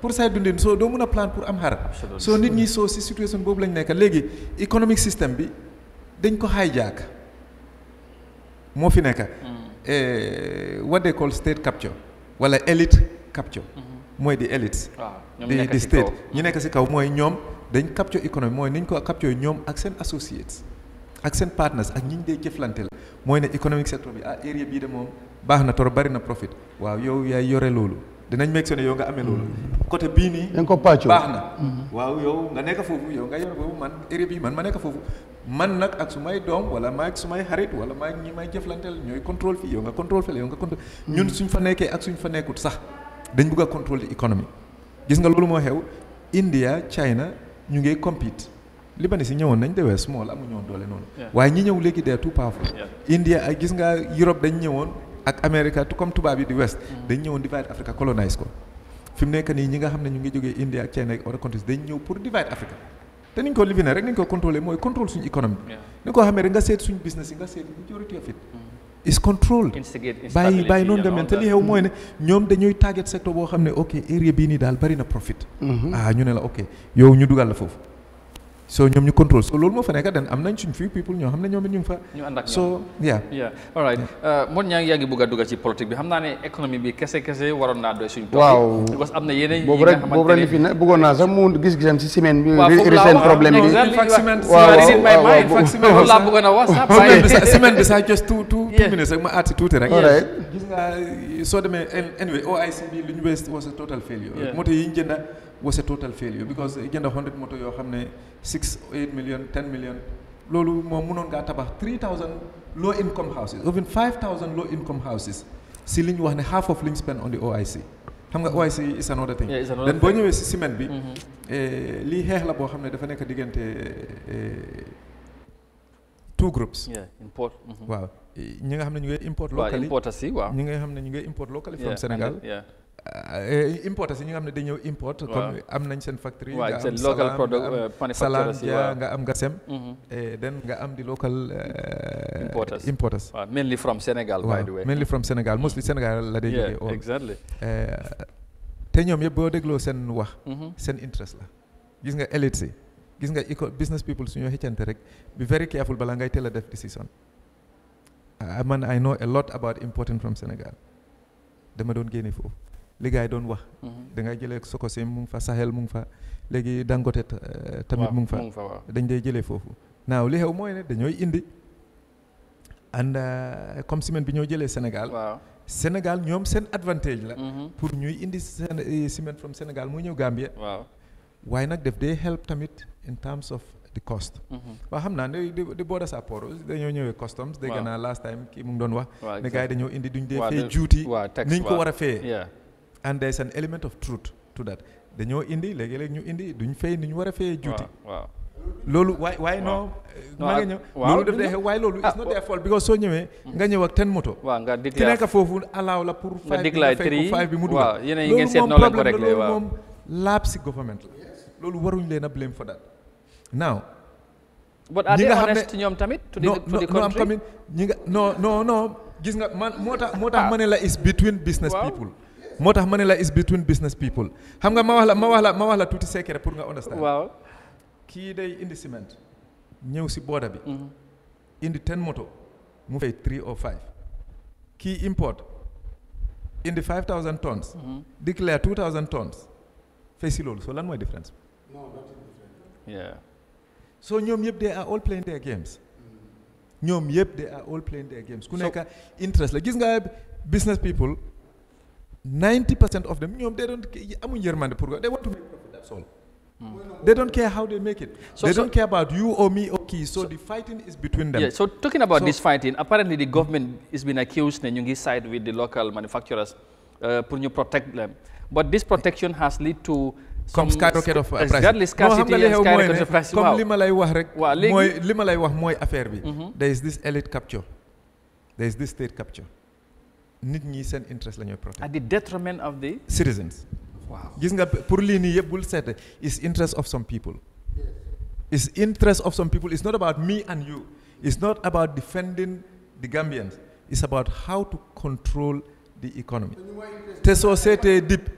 pour say dundin soo doo mën a plan pour am xar so nit ñi soo si situation boobu lañ nekk léegi economic system bi dañ ko hijack moo fi nekk. Mm. Eh, what they call state capture wala elite capture. Mm-hmm. mooy di elite. waaw di di state ñu nekk si kaw mooy ñoom dañ capture économie mooy ni ñu ko capture ñoom ak seen associates ak seen partners ak ñi ñu dee jëflante la mooy ne économique secteur bi ah area bii de moom baax na trop bari na profit waaw yow yaay yore loolu. dinañ meeg seen yow nga amee loolu. Mm-hmm. côté bii nii. dañ ko pàccoo baax na. Mm-hmm. waaw yow nga nekk foofu yow nga yore boobu man area bii man ma nekk foofu. man nag ak su may doom wala maa ak su may xarit wala maa ak ñi may jëflanteel ñooy contrôle fii yow nga contrôle fii yow nga contrôle ñun suñ fa nekkee ak suñ fa nekkut sax dañ bëgg a contrôle économie gis nga loolu moo xew India China ñu ngi compete Libanais yi ñëwoon nañ de wees small amuñu woon doole noonu waaye ñi ñëw léegi dee tout powerful India ay gis nga Europe dañ ñëwoon ak America comme tubaab yi di west mm-hmm. dañ ñëwoon divide Africa colonise ko fi mu nekk nii ñi nga xam ne ñu ngi jógee India ak China ak other countries dañ ñëw pour divide Africa te ni ñu ko lifinee rek ni ñu ko mooy contrôle suñu économie ni ko xamee rek nga seet suñu business yi nga seet majority of it mm. is control bàyyi bàyyi noonu demeen te li xew mm. mooy ne ñoom dañuy target secteur boo xam ne ok area bii nii daal bari na profit mm-hmm. ah ñu ne la ok yow ñu dugal la foofu so ñoom ñu contrôle so loolu moo fa nekk den am nañ suñ few people ñoo xam ne ñoom it ngi fa. so yeah. yeah all uh, ngi bugg a ci politique bi xam naa ne économie bi kese kese waroon naa doy suñu. waaw parce que am na yeneen yi nga xamante ne boobu rek fi ne bëggoon naa sax mu gis-gisam si semaine bi. recent problème bi semaine bi sax just two two two minutes rek ma aati tuuti rek. soo demee anyway OIC bi lu ñu wees was a total failure. moto yi ñu jënd was a total failure because eh, jënd 100 moto yoo xam ne 6 8 million 10 million loolu moom noon ngaa tabax 3000 low income houses even 5000 low income houses si li ñu wax ne half of li ñu spend on the OIC xam nga OIC is another thing then boo ñëwee si semaine bi mm-hmm. eh, lii xeex la boo xam ne dafa nekk diggante eh, two groups import waaw ñi nga xam ne ñu ngay import locally ñi nga xam ne ñu ngay import locally from senegal Euh, importer yi ñi nga xam ne dañu ñëw import. comme am nañ seen factory. nga am local euh, product manufacturer si nga am Gasem. Mhm. then nga am di local. Euh, importers importers. waaw mainly from Sénégal. by the way mainly from Sénégal mostly Sénégal la day jógee. yeah exactly. te ñoom yëpp boo dégloo seen wax. Mhm. seen interest la gis nga élite si gis nga eco business people suñoo xëccante rek be very careful bala ngay teel a def decision. Ah, man I know a lot about importing from senegal dama doon génne foofu. li gars yi doon wax. Mhm. dangay ngay jëlee Sococim mu ngi fa Sahel mu ngi fa léegi Dangote eh, tamit mu ngi fa dañ dee jëlee foofu. naaw li xew mooy ne dañoo indi ànd eh, comme ciment bi ñoo jëlee Sénégal. Sénégal ñoom seen advantage la. Mhm. pour ñuy indi seen eh, ciment from Sénégal muy ñëw Gambia. waaye nag def dee help tamit in terms of the cost. Mhm. waa xam naa ne di border support dañoo ñëwee customs. dégg naa last time kii mu ngi doon wax. ne gars yi dañoo indi duñ dee fee juuti. niñ ko war and there is an element of truth to that dañoo indi léegi-léegi ñu indi duñ fay ni ñu war a fayee juuti waaw loolu waaye waaye non maa nga ñëw loolu def dee xew waaye loolu it's ah, not their fault because soo ñëwee mm. nga ñëw ak ten moto waaw nga ki nekk foofu alaaw la pour five bi mu dugal loolu moom laab si government la loolu waruñ leen a blame for that now but are they honest ñoom tamit to the to the country ñi nga non non non gis nga man moo tax moo tax ah. ma ne la is between business people moo tax ma ne la is between business people xam nga ma wax la ma wax la ma wax la tuuti secret pour nga understand. waaw kii day indi ciment ñëw si booda bi. Mhm. indi ten moto mu fay three or five kii import indi five thousand tonnes. Mhm. déclare two thousand tonnes fay si loolu so lan mooy différence bi. yeah. so ñoom yëpp they are all playing their games. Mm. ñoom yëpp they are all playing their games. ku nekk interest la gis nga business people. 90% of them, they don't care. They want to make profit, that's all. Mm. They don't care how they make it. So, they so don't care about you or me or Key. So, so, the fighting is between them. Yeah, so talking about this fighting, apparently the government has been accused and Nyungi side with the local manufacturers uh, to protect them. But this protection has led to some skyrocket of price scarcity no, of price mhm. there is this elite capture there is this state capture nit ñi seen interest la ñuy protect. at the detriment of the. citizens. waaw gis nga pour lii nii yëpp bul seete is interest of some people. is interest of some people it's not about me and you it's not about defending the Gambians it's about how to control the economy te soo seetee dip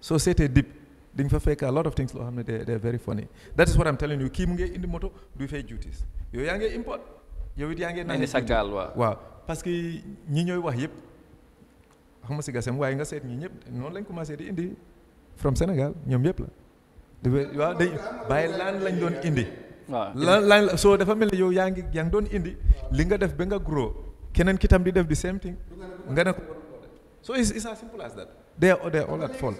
soo seetee dip di nga fa fekk a lot of things loo xam ne they they're very funny that is what I'm telling you kii mu ngi indi moto du fay duties yow yaa ngi import yow it yaa ngi. naan sa gaal waaw parce que ñi ñooy wax yëpp. xaw ma si gasem waaye nga seet ñi ñëpp noonu lañ commencé di indi from Sénégal ñoom ñëpp la. waaw dañ bàyyi laan lañ doon indi. waaw lan lan soo dafa mel ni yow yaa ngi yaa ngi doon indi. li nga def ba nga grow keneen ki tam di def the same thing. nga ne ko so it's as simple as that. they are all at fault.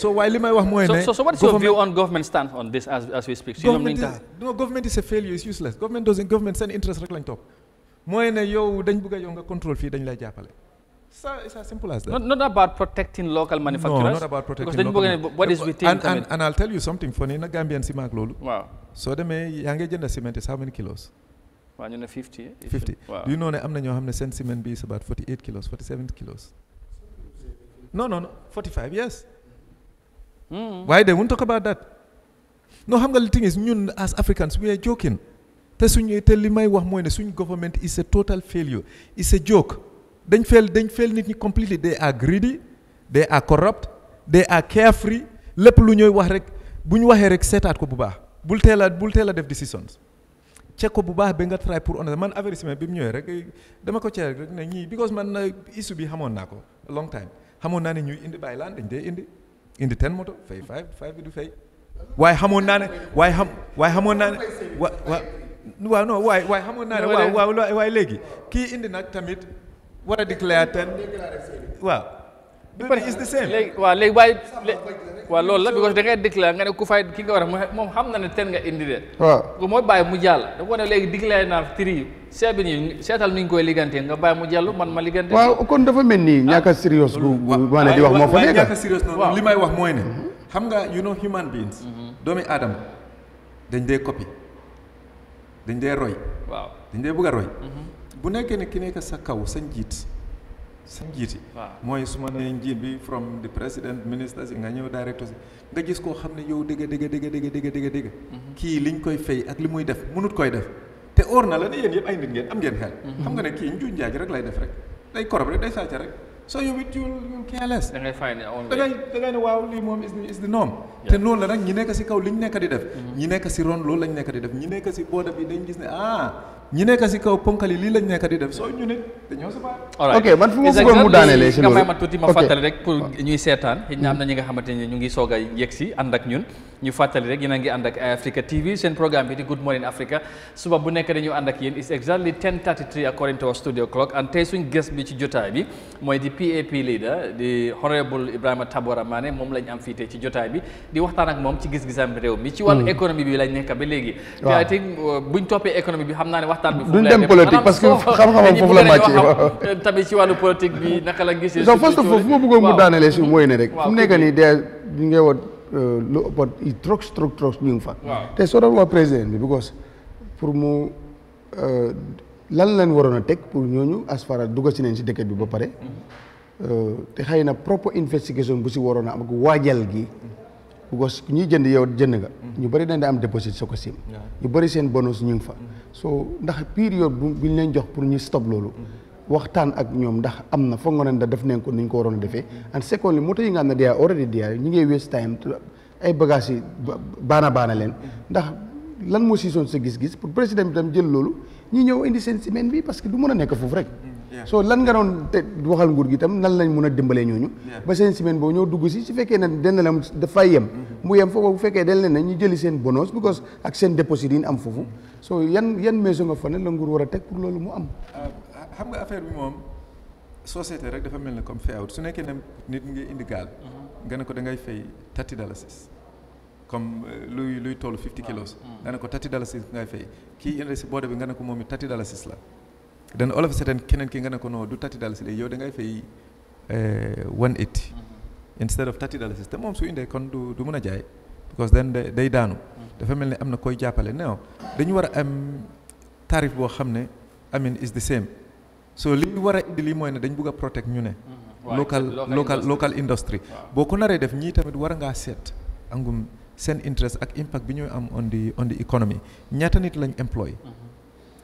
so waaye li may wax mooy ne. government stand on this as we speak. government is a failure it's useless government doesn't government seen interest rek lañ topp. mooy ne yow dañ bëgg a yow nga contrôle fii dañ lay jàppale. ça it's as simple as that. Not, not about protecting local manufacturers. No, not about protecting local manufacturers. what is within and, and, and I'll tell you something funny na Gambian si maag loolu. waaw soo demee yaa ngi jënd ciment is how many kilos. waaw ñu ne 50. 50 waaw do you know ne am na ñoo xam ne seen ciment bi is about 48 kilos 47 kilos. non non non 45 yes. Hmm. waaye de won't talk about that. no xam nga li thing is ñun as Africans we are joking te suñu te li may wax mooy ne suñ government is a total failure is a joke. dañ feel dañ feel nit ñi completely they are greedy they are corrupt they are carefree lépp lu ñooy wax rek bu ñu waxee rek seetaat ko bu baax bul teel bul teel def decisions check ko bu baax ba nga try pour honnête man avertissement bi mu ñëwee rek dama ko ceer rek ne ñii because man uh, issue bi xamoon naa ko long time xamoon naa ne ñuy indi bàyyi laan dañ dee indi indi ten moto fay five five bi du fay waaye xamoon naa ne waaye xam waaye xamoon naa ne wa wa waaw non waaye waaye xamoon naa ne waaw waaw waaye léegi kii indi nag tamit waa a déclarer ten waaw. because léegi waaw léegi waaye waaw loolu la because da ngay déclarer nga ne ku fay ki nga war a moom xam na ne ten nga indi de. waaw mooy bàyyi mu jàll dafa ko ne léegi déclarer naa tri seebin yi seetal nu ñu koy liggantee nga bàyyi mu jàll man ma ligantee. waaw kon dafa mel ni ñàkk a sérieux bu ma ne di wax moo fa nekk. ñàkk li may wax mooy ne. Mhm. xam nga you know human beings. Mhm. doomi aadama dañ dee copy dañ dee roy. waaw dañ dee bëgg roy. Mhm. bu nekkee ne ki nekk sa kaw sa njiit sa njiiti mooy su ma nee njiit bi from the president minister si nga ñëw directeur si nga gis koo xam ne yow dëgg dëgg dëgg dëgg dëgg dëgg dëgg mhm. kii liñ koy fay ak li muy def mënut koy def te óor na la ne yéen ay nit ngeen am ngeen xel mhm. xam nga ne kii njuuj njaaj rek lay def rek day korob day sàcca rek soo yow it you'll you'll careless fay ne da waaw lii moom is is the norm te loolu la nag ñi nekk si kaw ñu nekk di def mhm. ñi nekk si ron loolu lañ nekk di def ñi nekk si booda bi dañ gis ne ah ñi nekk si kaw ponkal yi lii lañ nekk di def soo ñu ne dañoo séparé. ok man fu ma bëggoon mu daanelee si loolu nga ma tuuti ma fàttali rek pour ñuy seetaan xëy na am na ñi nga xamante ne ñu ngi soog a yegg si ànd ak ñun ñu fàttali rek yéen a ngi ànd ak Africa TV seen programme bi di Good Morning Africa suba bu nekk dañu ànd ak yéen it's exactly 10:33 according to our studio clock and tey suñ guest bi ci jotaay bi mooy di PAP leader di honorable Ibrahima Tabora Mane moom lañ am fii tey ci jotaay bi di waxtaan ak moom ci gis-gisam réew mi ci wàllu hmm. économie bi lañ nekk ba léegi te uh, buñ toppee économie bi xam naa ne waxtaan bi. duñ dem politique parce que xam-xamam foofu la màccee tamit ci wàllu politique bi naka la gisee. surtout foofu foofu fu ma bëggoon mu daanelee si mooy ne rek. waaw fu mu nekk nii de ñu ngi woon lu ëppoon trop trop trop ñu fa. te soo doon wax président bi because pour mu eh, lan lañ waroon a teg pour ñooñu as far as dugg si nañ bi ba pare. te mhm. eh, xëy na propre investigation bu si waroon a am ak waajal gi. because ñi jënd yow jënd nga. ñu bëri dañ am deposit soo ko ya. ñu bëri seen bonus ñu fa. Mhm. so ndax période bu bu ñu leen jox pour ñu stop loolu mhm. waxtaan ak ñoom ndax am na foog nga ne def nañ ko ni ñu ko waroon a defee and secondly moto yi nga xam ne day already day ñu ngi waste time ay bagages yi baana baana leen mhm. ndax lan moo si soon sa gis-gis pour président bi tam jël loolu ñi ñëw indi seen semaine bi parce que du mën a nekk foofu rek soo lan nga doon te waxal nguur gi itam nan lañ mun a dimbalee ñooñu ba seen semaine boobu ñoo dugg si su fekkee ne denn la dafay yem mm-hmm. mu yem foofu bu fekkee den leen na ñu jëli seen bonus because ak seen déposit yi ñu am foofu soo yan yan maison nga fa ne la nguur war a teg pour loolu mu am uh, xam nga affaire bi moom société rek dafa mel ne comme fay out su nekkee ne nit ngay indi gaal mm-hmm. nga ne ko da ngay fay tati dalasis comme euh, luy luy toll 50 kilos ah, mm. nga ne ko tati dalasis ngay ne ko moom it tati dalasis la then all of a sudden keneen ki nga ne ko non du thirty dollars léegi yow da ngay fay eh, one eighty instead of thirty dollars te moom su indee kon du du mën a jaay because then day daanu dafa mel ni am na koy jàppale non dañu war a am tarif boo xam ne I mean is the same so li ñu war a indi lii mooy na dañ bugg a protect ñu ne local local local industry boo ko naree def ñii tamit war a ngaa seet angum seen interest ak impact bi ñuy am on the on economy ñaata nit lañ employ mhm.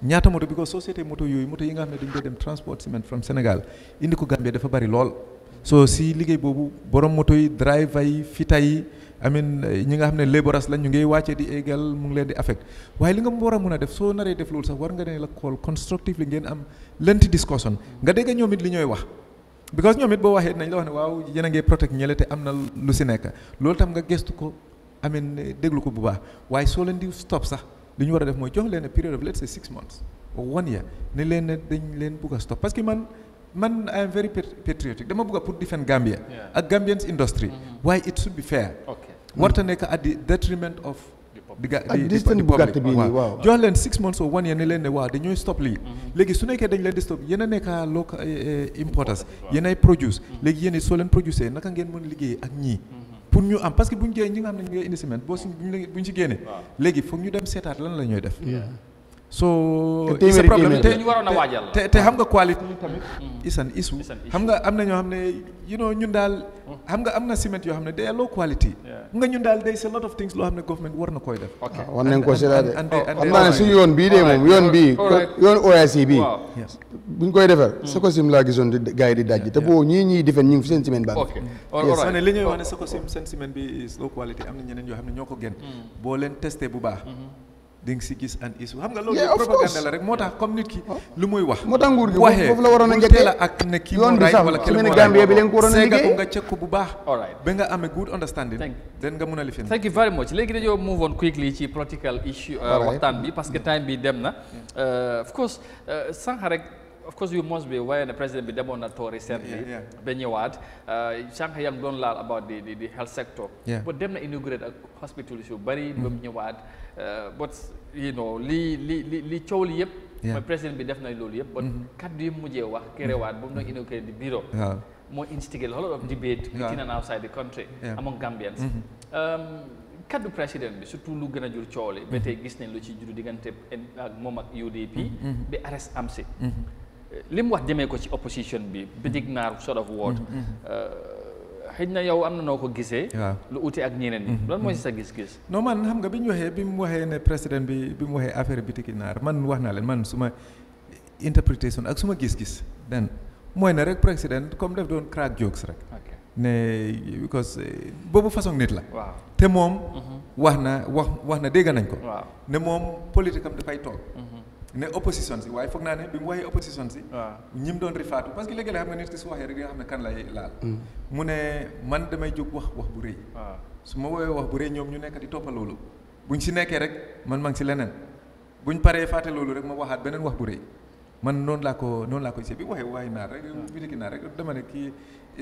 ñaata moto bi ko moto yooyu moto yi nga xam ne dañ koy dem transport ciment from Sénégal indi ko Gambie dafa bari lool so si liggéey boobu borom moto yi driver yi fita yi amin ñi nga xam ne laborers la ñu ngi wàccee di égal mu ngi leen di affect waaye li nga war a a def soo naree def loolu sax war nga ne la call constructive li ngeen am lenti discussion nga dégg ñoom it li ñooy wax because ñoom it boo waxee nañ la wax ne waaw yéen a ngi protect ñële te am na lu si nekk loolu tam nga gestu ko amin déglu ko bu baax waaye soo leen di stop sax li ñu war a def mooy jox leen period of let's say six months or one year ne leen ne dañ leen bugg stop parce que man man I am very patriotic dama bugg a pour defend Gambia ak Gambians industry mm-hmm. waaye it should be fair warta nekk waaw dañooy stop lii. Mm-hmm. léegi su nekkee dañ leen di stop yéen a local eh, eh, importers yéen ay produce léegi yéen soo leen produce naka ngeen mën liggéey ak ñii. Mm-hmm. pour ñu am parce que bu ñu jëlee ñi nga xam ne ñu ngi indi boo si bu ñu si génnee. léegi foog ñu dem seetaat lan la ñuy def. so te a te te xam nga qualité ñun tamit mm. isan isu xam nga am na ñoo xam ne you know ñun daal mm. xam nga am na ciment yoo xam ne day low quality nga ñun daal day a lot of things loo xam ne government war na koy def ah, war nañ ko si laa de xam naa ne yoon bii de moom yoon bii yoon OIC bii buñ koy defar mm. Sococim laa gisoon di gars di dajji te boo ñii ñiy defen ñu ngi fi seen ciment baa ma ne li ñuy wax ne Sococim seen ciment bi is low quality am na ñeneen yoo xam ne ñoo ko gën boo leen testé bu baax mm-hmm. di nga si gis an isu xam nga loolu propagande la rek moo tax comme nit ki oh. lu muy wax moo tax nguur gi foofu la waroon a ak ne yoon bi sax su mel ne bi waroon a liggéey nga ba nga amee good a lifin thank you very much léegi uh, que time dem na uh, of course uh, rek of course you must be aware bi demoon na toog recently ba ñëwaat sànq yam doon laal about the the health sector but dem na inaugurate ak hospital yu bari ba ñëwaat Euh, but you know li li li li coow li yëpp. mooy président bi def nañ loolu yëpp. but mm-hmm. kaddu yi mujjee wax kerewaat ba mu doon inauguré di bureau. moo instigate a lot of debate. within and outside the country. Mm-hmm. Um, kaddu président bi surtout lu gën a jur coow li. ba tey mm-hmm. gis nañ lu ci jur diggante ak moom ak UDP. ba arrest am si. li mu wax jëmee ko ci opposition bi bidig naar sort of word. Euh, xëj na yow am na noo ko gisee. waaw lu uti ak ñeneen ñi. Mhm. lan mooy mhm. sa gis-gis. non man xam nga bi ñu waxee bi mu waxee ne président bi bi mu waxee affaire bitiki naar man wax naa leen man suma interprétation ak suma gis-gis den mooy na rek président comme daf doon crack jokes rek. ne because eh, boobu façon nit la. te moom. Mhm. wax na wax wax na dégg nañ ko. ne moom politique am dafay toog. ne opposition si waaye foog naa ne bi mu waxee opposition si. waaw ñi mu doon rifaatu parce que léegi la xam nga nit ki su waxee rek nga xam ne kan lay laal. Mm. mu ne man damay jóg wax wax bu rëy. waaw su ma woowee wax bu rëy ñoom ñu nekk di toppa loolu buñ si nekkee rek man maa ngi si leneen buñ paree fàtte loolu rek ma waxaat beneen wax bu rëy. man noonu laa ko noonu laa ko gisee bi waxee waaye naar rek bi dikki naar rek dama ne kii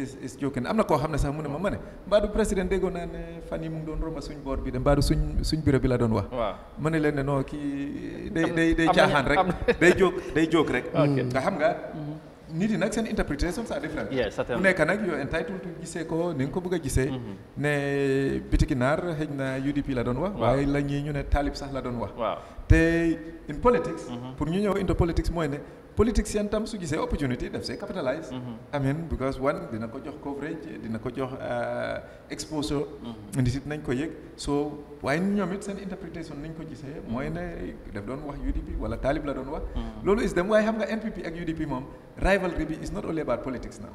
is is jokkee am na koo xam ne sax mu ne ma ma ne mbaadu président déggoon naa ne fan yi mu ngi doon romba suñ boor bi de mbaadu suñ suñ bureau bi la doon wax ma ne leen ne non kii day day day caaxaan rek day jóg day jóg rek nga xam nga mhm. nit yi nag seen interpretation ça different ku nekk nag yow entitled to gisee ko ni nga ko bëgg a gisee mm-hmm. ne bitiki naar xëj na UDP la doon wax waaye la ñuy ñu ne taalib sax la doon wax te in politics mm-hmm. pour ñu ñëw into politics mooy ne politician tam su gisee opportunity def see capitalize I mhm. mean because one dina ko jox coverage dina ko jox euh, exposure mhm. nit it nañ ko yëg so waaye ñoom it seen interpretation nañ ko gisee mooy ne daf doon wax UDP wala Talib la doon wax mhm. loolu is dem waaye xam nga NPP ak UDP moom rivalry bi is not only about politics now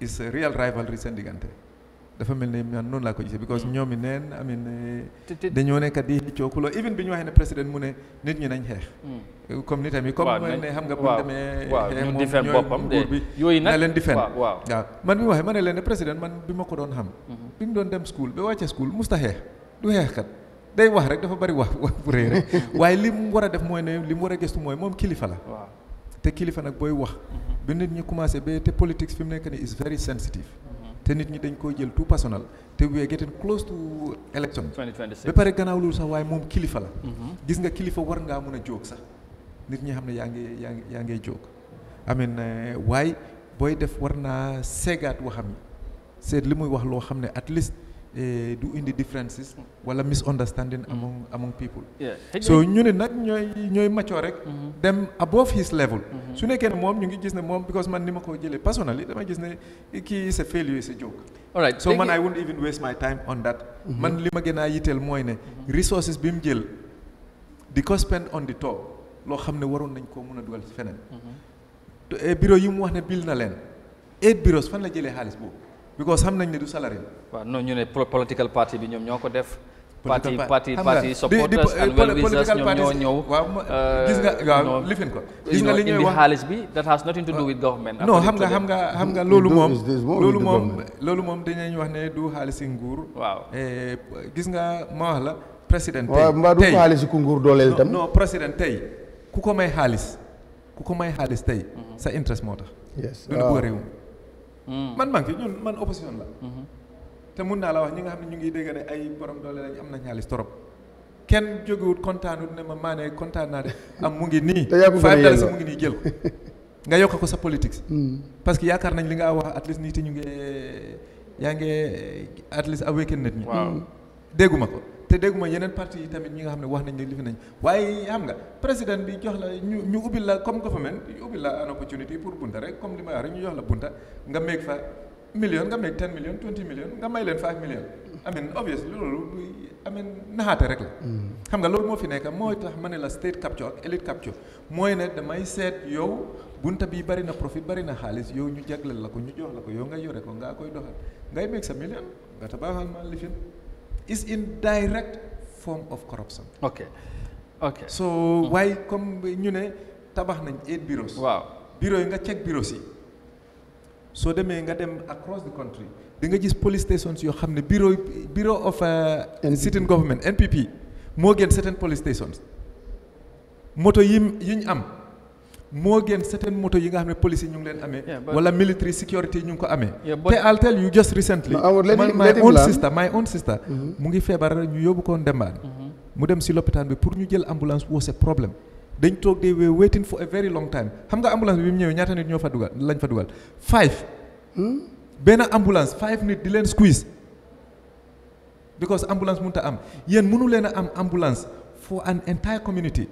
it's a real rivalry seen diggante dafa mel ni man noonu laa ko gisee because mm. ñoom i neen amin eh, dañoo nekkat di cookuloo even bi ñu waxee ne président mu ne nit ñi nañ xeex mm. comme ni tamit comme ne xam nga ba demee xeex eh, moom ñooy nguur bi leen di fen waaw man bi mu waxee ma leen ne président man bi ma ko doon xam mm-hmm. bi mu doon dem school ba wàcce school musta xeex du xeex kat day wax rek dafa bari wax wax bu rëy rek waaye li mu war a def mooy ne li mu war a gëstu mooy moom kilifa la te kilifa nag booy wax mm-hmm. bi nit ñi commencé ba fi mu nekk ni is very te nit ñi dañ koy jël tout personnel te we getting close to election ba pare gannaaw loolu sax waaye moom kilifa la mm-hmm. gis nga kilifa war ngaa mën a jóg sax nit ñi xam ne yaa ngi yaa ngi yaa ngay jóg amin eh, waaye booy def war naa seegaat waxam yi seet li muy wax loo xam ne at least eh, do indi differences wala misunderstanding mm. among among people yeah. so ñu ne nag ñooy ñooy mature rek mm-hmm. dem above his level mm-hmm. su nekkee ne moom ñu ngi gis ne moom because man ni ko jëlee personally dama gis ne kii is a failure is a joke all right so man I wouldn't even waste my time on that mm-hmm. man li ma gën a yitteel mooy ne resources bi mu jël di ko spend on the top loo xam ne waroon nañ koo mun a dugal feneen eh, bureau yi mu wax ne bil na leen eight bureaus fan la jëlee xaalis boobu because xam nañ ne du salary. waaw non ñu ne political party bi ñoom ñoo ko def. parti parti parti supporters ñoom ñoo ñëw. Euh, gis nga waaw lifin ko. gis nga li ñuy bi that has nothing to do ah. with government. xam nga xam nga xam nga loolu moom. loolu moom loolu moom dañuy wax ne du xaalisi nguur. waaw eh, gis nga ma wax la président. tey waaw mbaa du xaalisi ku nguur dooleel tam. non tey ku ko may xaalis ku ko may xaalis tey. Mm-hmm. sa interest moo tax. yes waaw du Mm. man maa ngi ci ñun man opposition la. Mm-hmm. te mun naa la wax ñi nga xam ne ñu ngi dégg ne ay borom doole lañ am na ñaalis torop kenn jógewut kontaanut ne ma maa ne kontaan naa de am mu ngi nii. te yaa si mu ngi nii jël ko nga yokk ko sa politique. Mm. parce que yaakaar nañ li nga wax at least nit ñu ngi yaa ngi at least awaken nit ñi. waaw mm. déggu ma ko. te dégguma yeneen parti yi tamit ñi nga xam ne wax nañ ne li fi nañ waaye xam nga président bi jox la ñu ñu ubbil la comme government ubbil la an opportunity pour bunta rek comme li ma wax rek ñu jox la bunta nga meeg fa million nga meeg 10 million 20 million nga may leen 5 million amin obviously loolu amin naxaate rek la mm. xam nga loolu moo fi nekk mooy tax ma ne la state capture ak elite capture mooy ne damay seet yow bunta bi bari na profit bari na xaalis yow ñu jagleel la ko ñu jox la ko yow nga yore ko ngaa koy doxal ngay meeg sa million nga tabaxal ma lifin is in direct form of corruption. ok ok so waaye comme ñu ne tabax nañ eight bureaus. waaw bureau yi nga check bureaus si soo demee nga dem across the country di nga gis police stations yoo xam ne bureau bureau of sitting uh, government NPP moo gën certain police stations moto yi yi ñu am. moo gën certain moto yi nga xam ne police yi ñu ngi leen amee. wala military security ñu ngi ko amee. te I'll tell you just recently. my own sister mm-hmm. mu ngi feebar ñu yóbbu ko Ndembaan. Mm-hmm. mu dem si lopitaan bi pour ñu jël ambulance woo c'est problème. dañ toog de were waiting for a very long time xam nga ambulance bi mu ñëwee ñaata nit ñoo fa dugal lañ fa dugal five. Hmm? benn ambulance five nit di leen squeeze. because ambulance mënut a am yéen mënu leen a am ambulance for an entire community.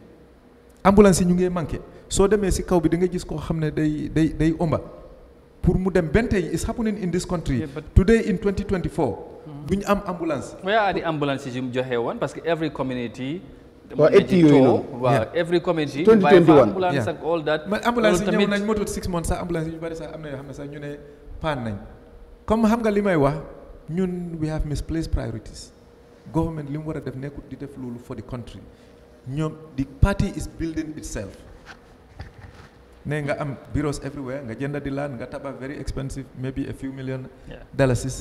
ambulance yi ñu ngi manqué. soo demee si kaw bi da nga gis koo xam ne day day day omba pour mu dem benn tey it's happening in this country today in 2024 bu ñu am ambulance waaw di ambulance yi mu joxe woon parce que every community waaw et yooyu noonu waaw every community. tontu tontu woon ambulance ak all that. ambulance yi ñëw nañ motul six months sax ambulance yi ñu bëri sax am na yoo xam ne sax ñu ne paan nañ comme xam nga li may wax ñun we have misplaced priorities. government li mu war a def nekkut di def loolu for the country ñoom the party is building itself. ne nga am bureaus everywhere nga jënd di laan nga tabax very expensive maybe a few million dalasis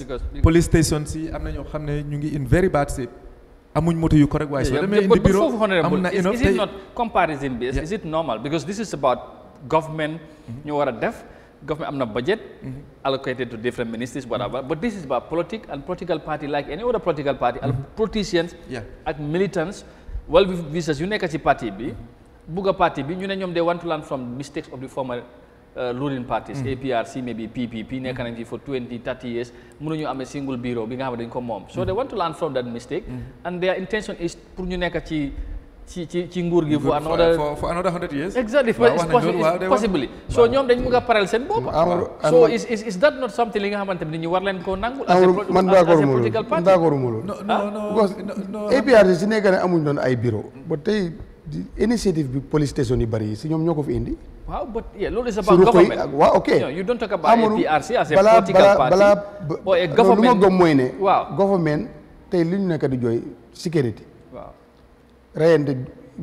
police station si am na ñoo xam ne ñu ngi in very bad shape amuñ moto yu correct waaye soo demee indi bureau am na enough it is about government mm-hmm. ñu war a def government am na budget mm-hmm. allocated to different ministries whatever mm-hmm. but this is about politic and political party like any other political party and politicians ak militants well wishes Buga parti bi ñu ne ñom they want to learn from mistakes of the former uh, ruling parties mm. APRC maybe PPP mm. nekk nañ fi for 20 30 years ñu amé single bureau bi nga xam dañ ko mom so they mm. want to learn from that mistake mm. and their intention is pour ñu nekk ci ci ci ci nguur gi for another for, for another 100 years exactly for it's, possible. it's possibly so ñom dañ mu nga parallel sen bop so is, is, is that not something li nga xamante ni ñu war leen ko nangul as a political party d'accord mu no no no no because APRC ci nekk ne amuñ non ay bureau ba tay initiative bi police station yi si ci ñom ñoko fi indi. waaw but yeah lolu is about government waaw ok. you don't talk about APRC as a political party. balaa government. balaa lu moy ne. waaw government tay li ñu nekk di joy security waaw rayante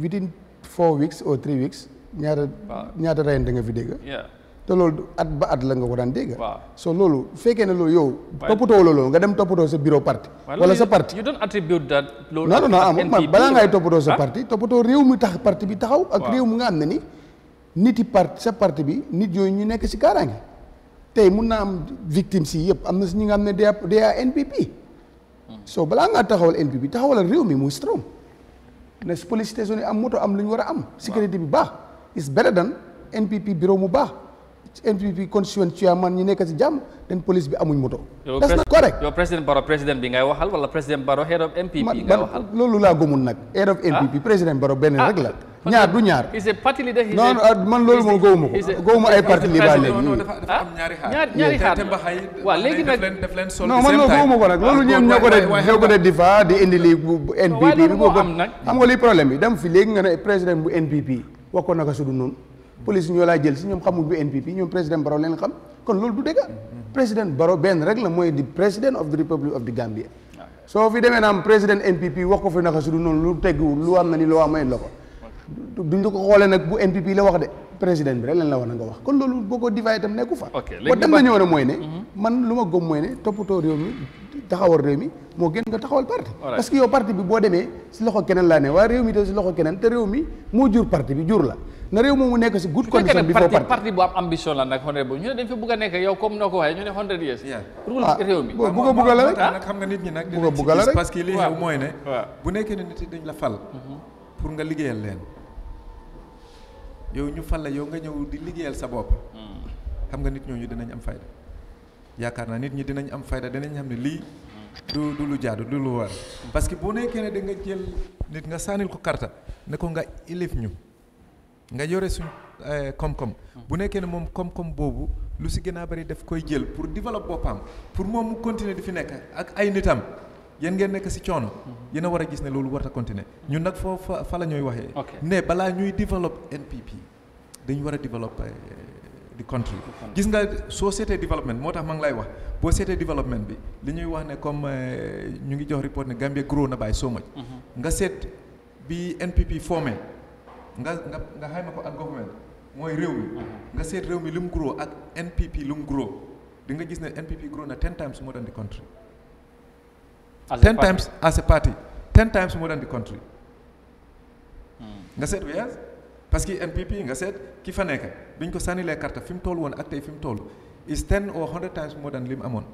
within four weeks or three weeks ñaata. ñaata rayante nga fi dégg te lolou at ba at la nga ko dan deg so lolou fekke ne loolu yow. topoto loolu nga dem topoto sa bureau parti. wala sa parti. you don't attribute that. lolou non non am man balaa ngay topoto sa ah? parti topoto rew mi tax parti bi taxaw. ak rew mu nga am ni. niti parti sa parti bi nit yoy ñu nekk si kaaraange tay mu na am victime si yëpp amna nga am ne da NPP. Hmm. so balaa nga taxawal NPP taxawal rew mi mu strong. ne police station am moto am luñu wara am. security bi is better than NPP bureau mu baax. NPP constituent chairman ñi nekk ci jàmm den police bi amuñ moto. that's not correct yow president baru president bi ngay waxal wala president baru head of NPP ngay waxal loolu laa gëmul nak head of NPP ah? president baru benn ah? rek la ñaar du ñaar is a party leader non ah, man loolu moom gëwuma Gomu ay parti li ba léegi dafa am ñaari xaar ñaari xaar waaw léegi nag daf leen sol non man loolu gëwuma ko nag loolu ko difa di indi NPP bi boo xam nga li problème bi dem fi nga ne bu NPP waxoon naka sudu noonu police ñoo laa jël si ñoom xamul bu NPP ñoom président Barrow leen xam kon loolu du dëgg mm-hmm. président Barrow benn rek la mooy di président of the Republic of the Gambia ah. soo fi demee naam président NPP wax ko fi naka su du noonu lu teggu lu am na ni loo amee la ko duñ la ko xoolee nag bu NPP la wax de président bi rek lan la war a nga wax kon loolu boo ko divaay itam nekku fa. ok dem na na mooy mhm. man lu ma gëm mooy ne réew mi taxawal réew mi moo gën nga taxawal parti. parce bu am ambition la nag bu ñu ne dañ fa bugg a nekk yow comme noo ko waxee ñu ne hundred years. pour ah, réew mi waaw bugg a bugg la rek nag xam nga nit ñi nag. la rek parce que li xew mooy ne. bu nekkee ne nit la fal mhm. leen yow ñu fal la yow nga ñëw di liggéeyal sa bopp. Hmm. xam nga nit ñooñu dinañ am fayda. yaakaar naa nit ñi dinañ am fayda dinañ xam ne lii. Hmm. du lu jaadu du lu war. parce que bu nekkee ne da nga jël nit nga sànnil ko karta ne ko nga ilif ñu nga yore suñ eh, koom-koom. Hmm. bu nekkee ne moom koom-koom boobu lu si gën a bari daf koy jël pour développer boppam pour moom mu continuer di fi nekk ak ay nitam. yéen ngeen nekk ci coono yéen a war a gis ne loolu war a continuer ñun nag foofu fa la ñooy waxee ne balaa ñuy develop NPP dañu war a develop di eh, country gis nga soo seetee développement moo tax ma ngi lay wax boo seetee développement bi li ñuy wax ne comme eh, ñu ngi jox report ne Gambia grow na bàyyi so much mhm. nga seet bi NPP formé nga nga nga xayma ko ak government mooy réew mi mhm. nga seet réew mi lu mu grow ak NPP lu mu grow di nga gis ne NPP grow na ten times more than the country as ten party. times as a party ten times more than the country hmm. nga seet Wiyaz parce que NPP nga seet ki fa nekk bi ñu ko sànnilee carte fi mu toll woon ak tey fi mu toll is ten or hundred times more than li amoon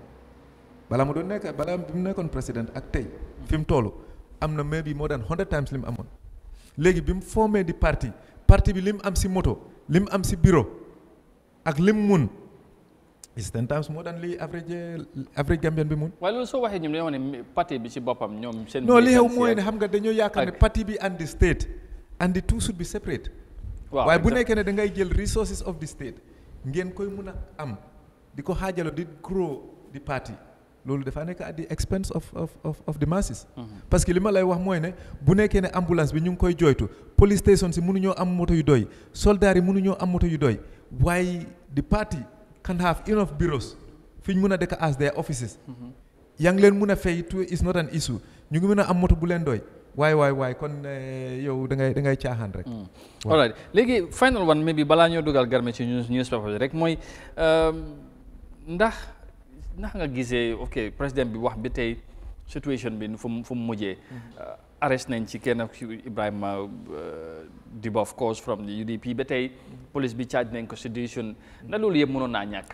balaa mu doon nekk balaa bi mu nekkoon président ak tey fi mu toll am na maybe moo than hundred times li mu amoon léegi bi mu formé di parti parti bi li mu am si moto li mu am si bureau ak li mu mun Eastern Times moo daan lii average average Gambian bi mun. waaye loolu soo waxee ñoom dañoo wax ne parti bi ci boppam ñoom seen. non li xew mooy ne xam nga dañoo yaakaar ne parti bi and the state and the two should be waaye bu nekkee ne da ngay jël resources of the state ngeen koy mun a am di ko xaajaloo di grow di parti loolu dafa nekk at the expense of of the masses. Mhm. parce que li ma lay wax mooy ne bu nekkee ne ambulance bi ñu ngi koy jooytu police station si mënuñoo am moto yu doy soldats yi mënuñoo am moto yu doy waaye di parti. can have enough bureaus fi ñu mën a dëkk as their offices. Mhm. yaa ngi leen mën a fay to is not an issue ñu ngi mun a am moto bu leen doy waay waay waaye kon eh, yow da ngay da ngay caaxaan rek. Mm. all right léegi final one maybe balaa ñoo dugal garme ci news newspaper rek mooy euh, ndax ndax nga gisee ok président bi wax bi tey. situation bi fu mu fu mu mujjee. Mm-hmm. Euh, arrest nañ ci kenn ak Ibrahima euh, Diba of course from the UDP ba tey mm-hmm. police bi charge nañ ko sedition na loolu yëpp mënoon naa ñàkk.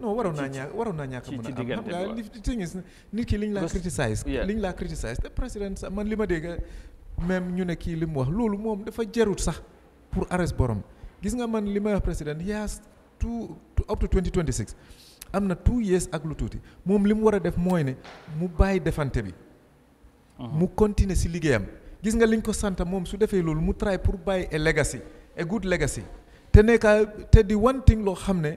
non waroon naa ñàkk waroon naa ñàkk mën a am xam nga nit ki liñ laa criticise liñ laa criticise te président sax man li ma dégg même ñu ne kii li mu wax loolu moom dafa jarut sax pour arrest borom gis nga man li ma wax président yaas to up to am na two years ak lu tuuti moom li mu war a def mooy ne mu bàyyi defante bi. Uh-huh. mu continuer si liggéeyam. gis nga liñ ko sant moom su defee loolu mu try pour bàyyi a legacy a good legacy te nekka te di one thing loo xam ne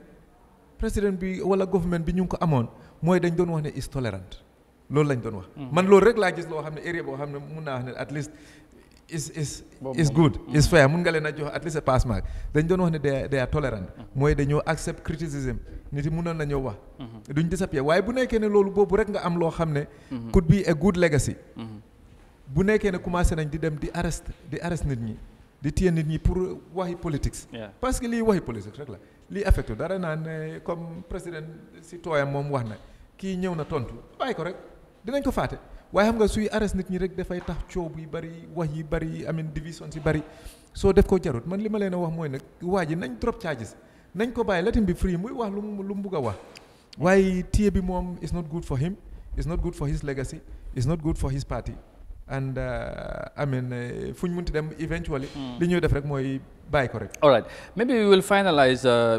président bi wala government bi ñu ngi ko amoon mooy dañ doon wax ne is tolerant loolu lañ doon wax. Uh-huh. man loolu rek laa gis loo xam ne area boo xam ne mun naa wax ne at least. is is is good is fair mun nga leen a jox at least a pass mark dañ doon wax ne they they are tolerant mooy dañoo accept criticism nit yi munoon nañoo wax mhm. duñ disappear waaye bu nekkee ne loolu boobu rek nga am loo xam ne mhm. could be a good legacy mhm. bu nekkee ne commencé nañ di dem di arrest di arrest nit ñi di téye nit ñi pour waxi politics parce que lii waxi politique rek la lii affecté dara naa ne comme président si tooyam moom wax na kii ñëw na tontu bàyyi ko rek dinañ ko faate waaye xam nga suy arrest nit ñi rek dafay tax coow yi bari wax yi bari amin division si bari soo def ko jarut man li ma leen a wax mooy nag waa ji nañ trop charges nañ ko bàyyi latin bi free muy wax lu mu lu mu bugg wax waaye téye bi moom is not good for him is not good for his legacy is not good for his party and uh, I mean uh, fu ñu munti dem eventually. Hmm. li ñuy def rek mooy bàyyi ko rek. all maybe we will finalize. Uh,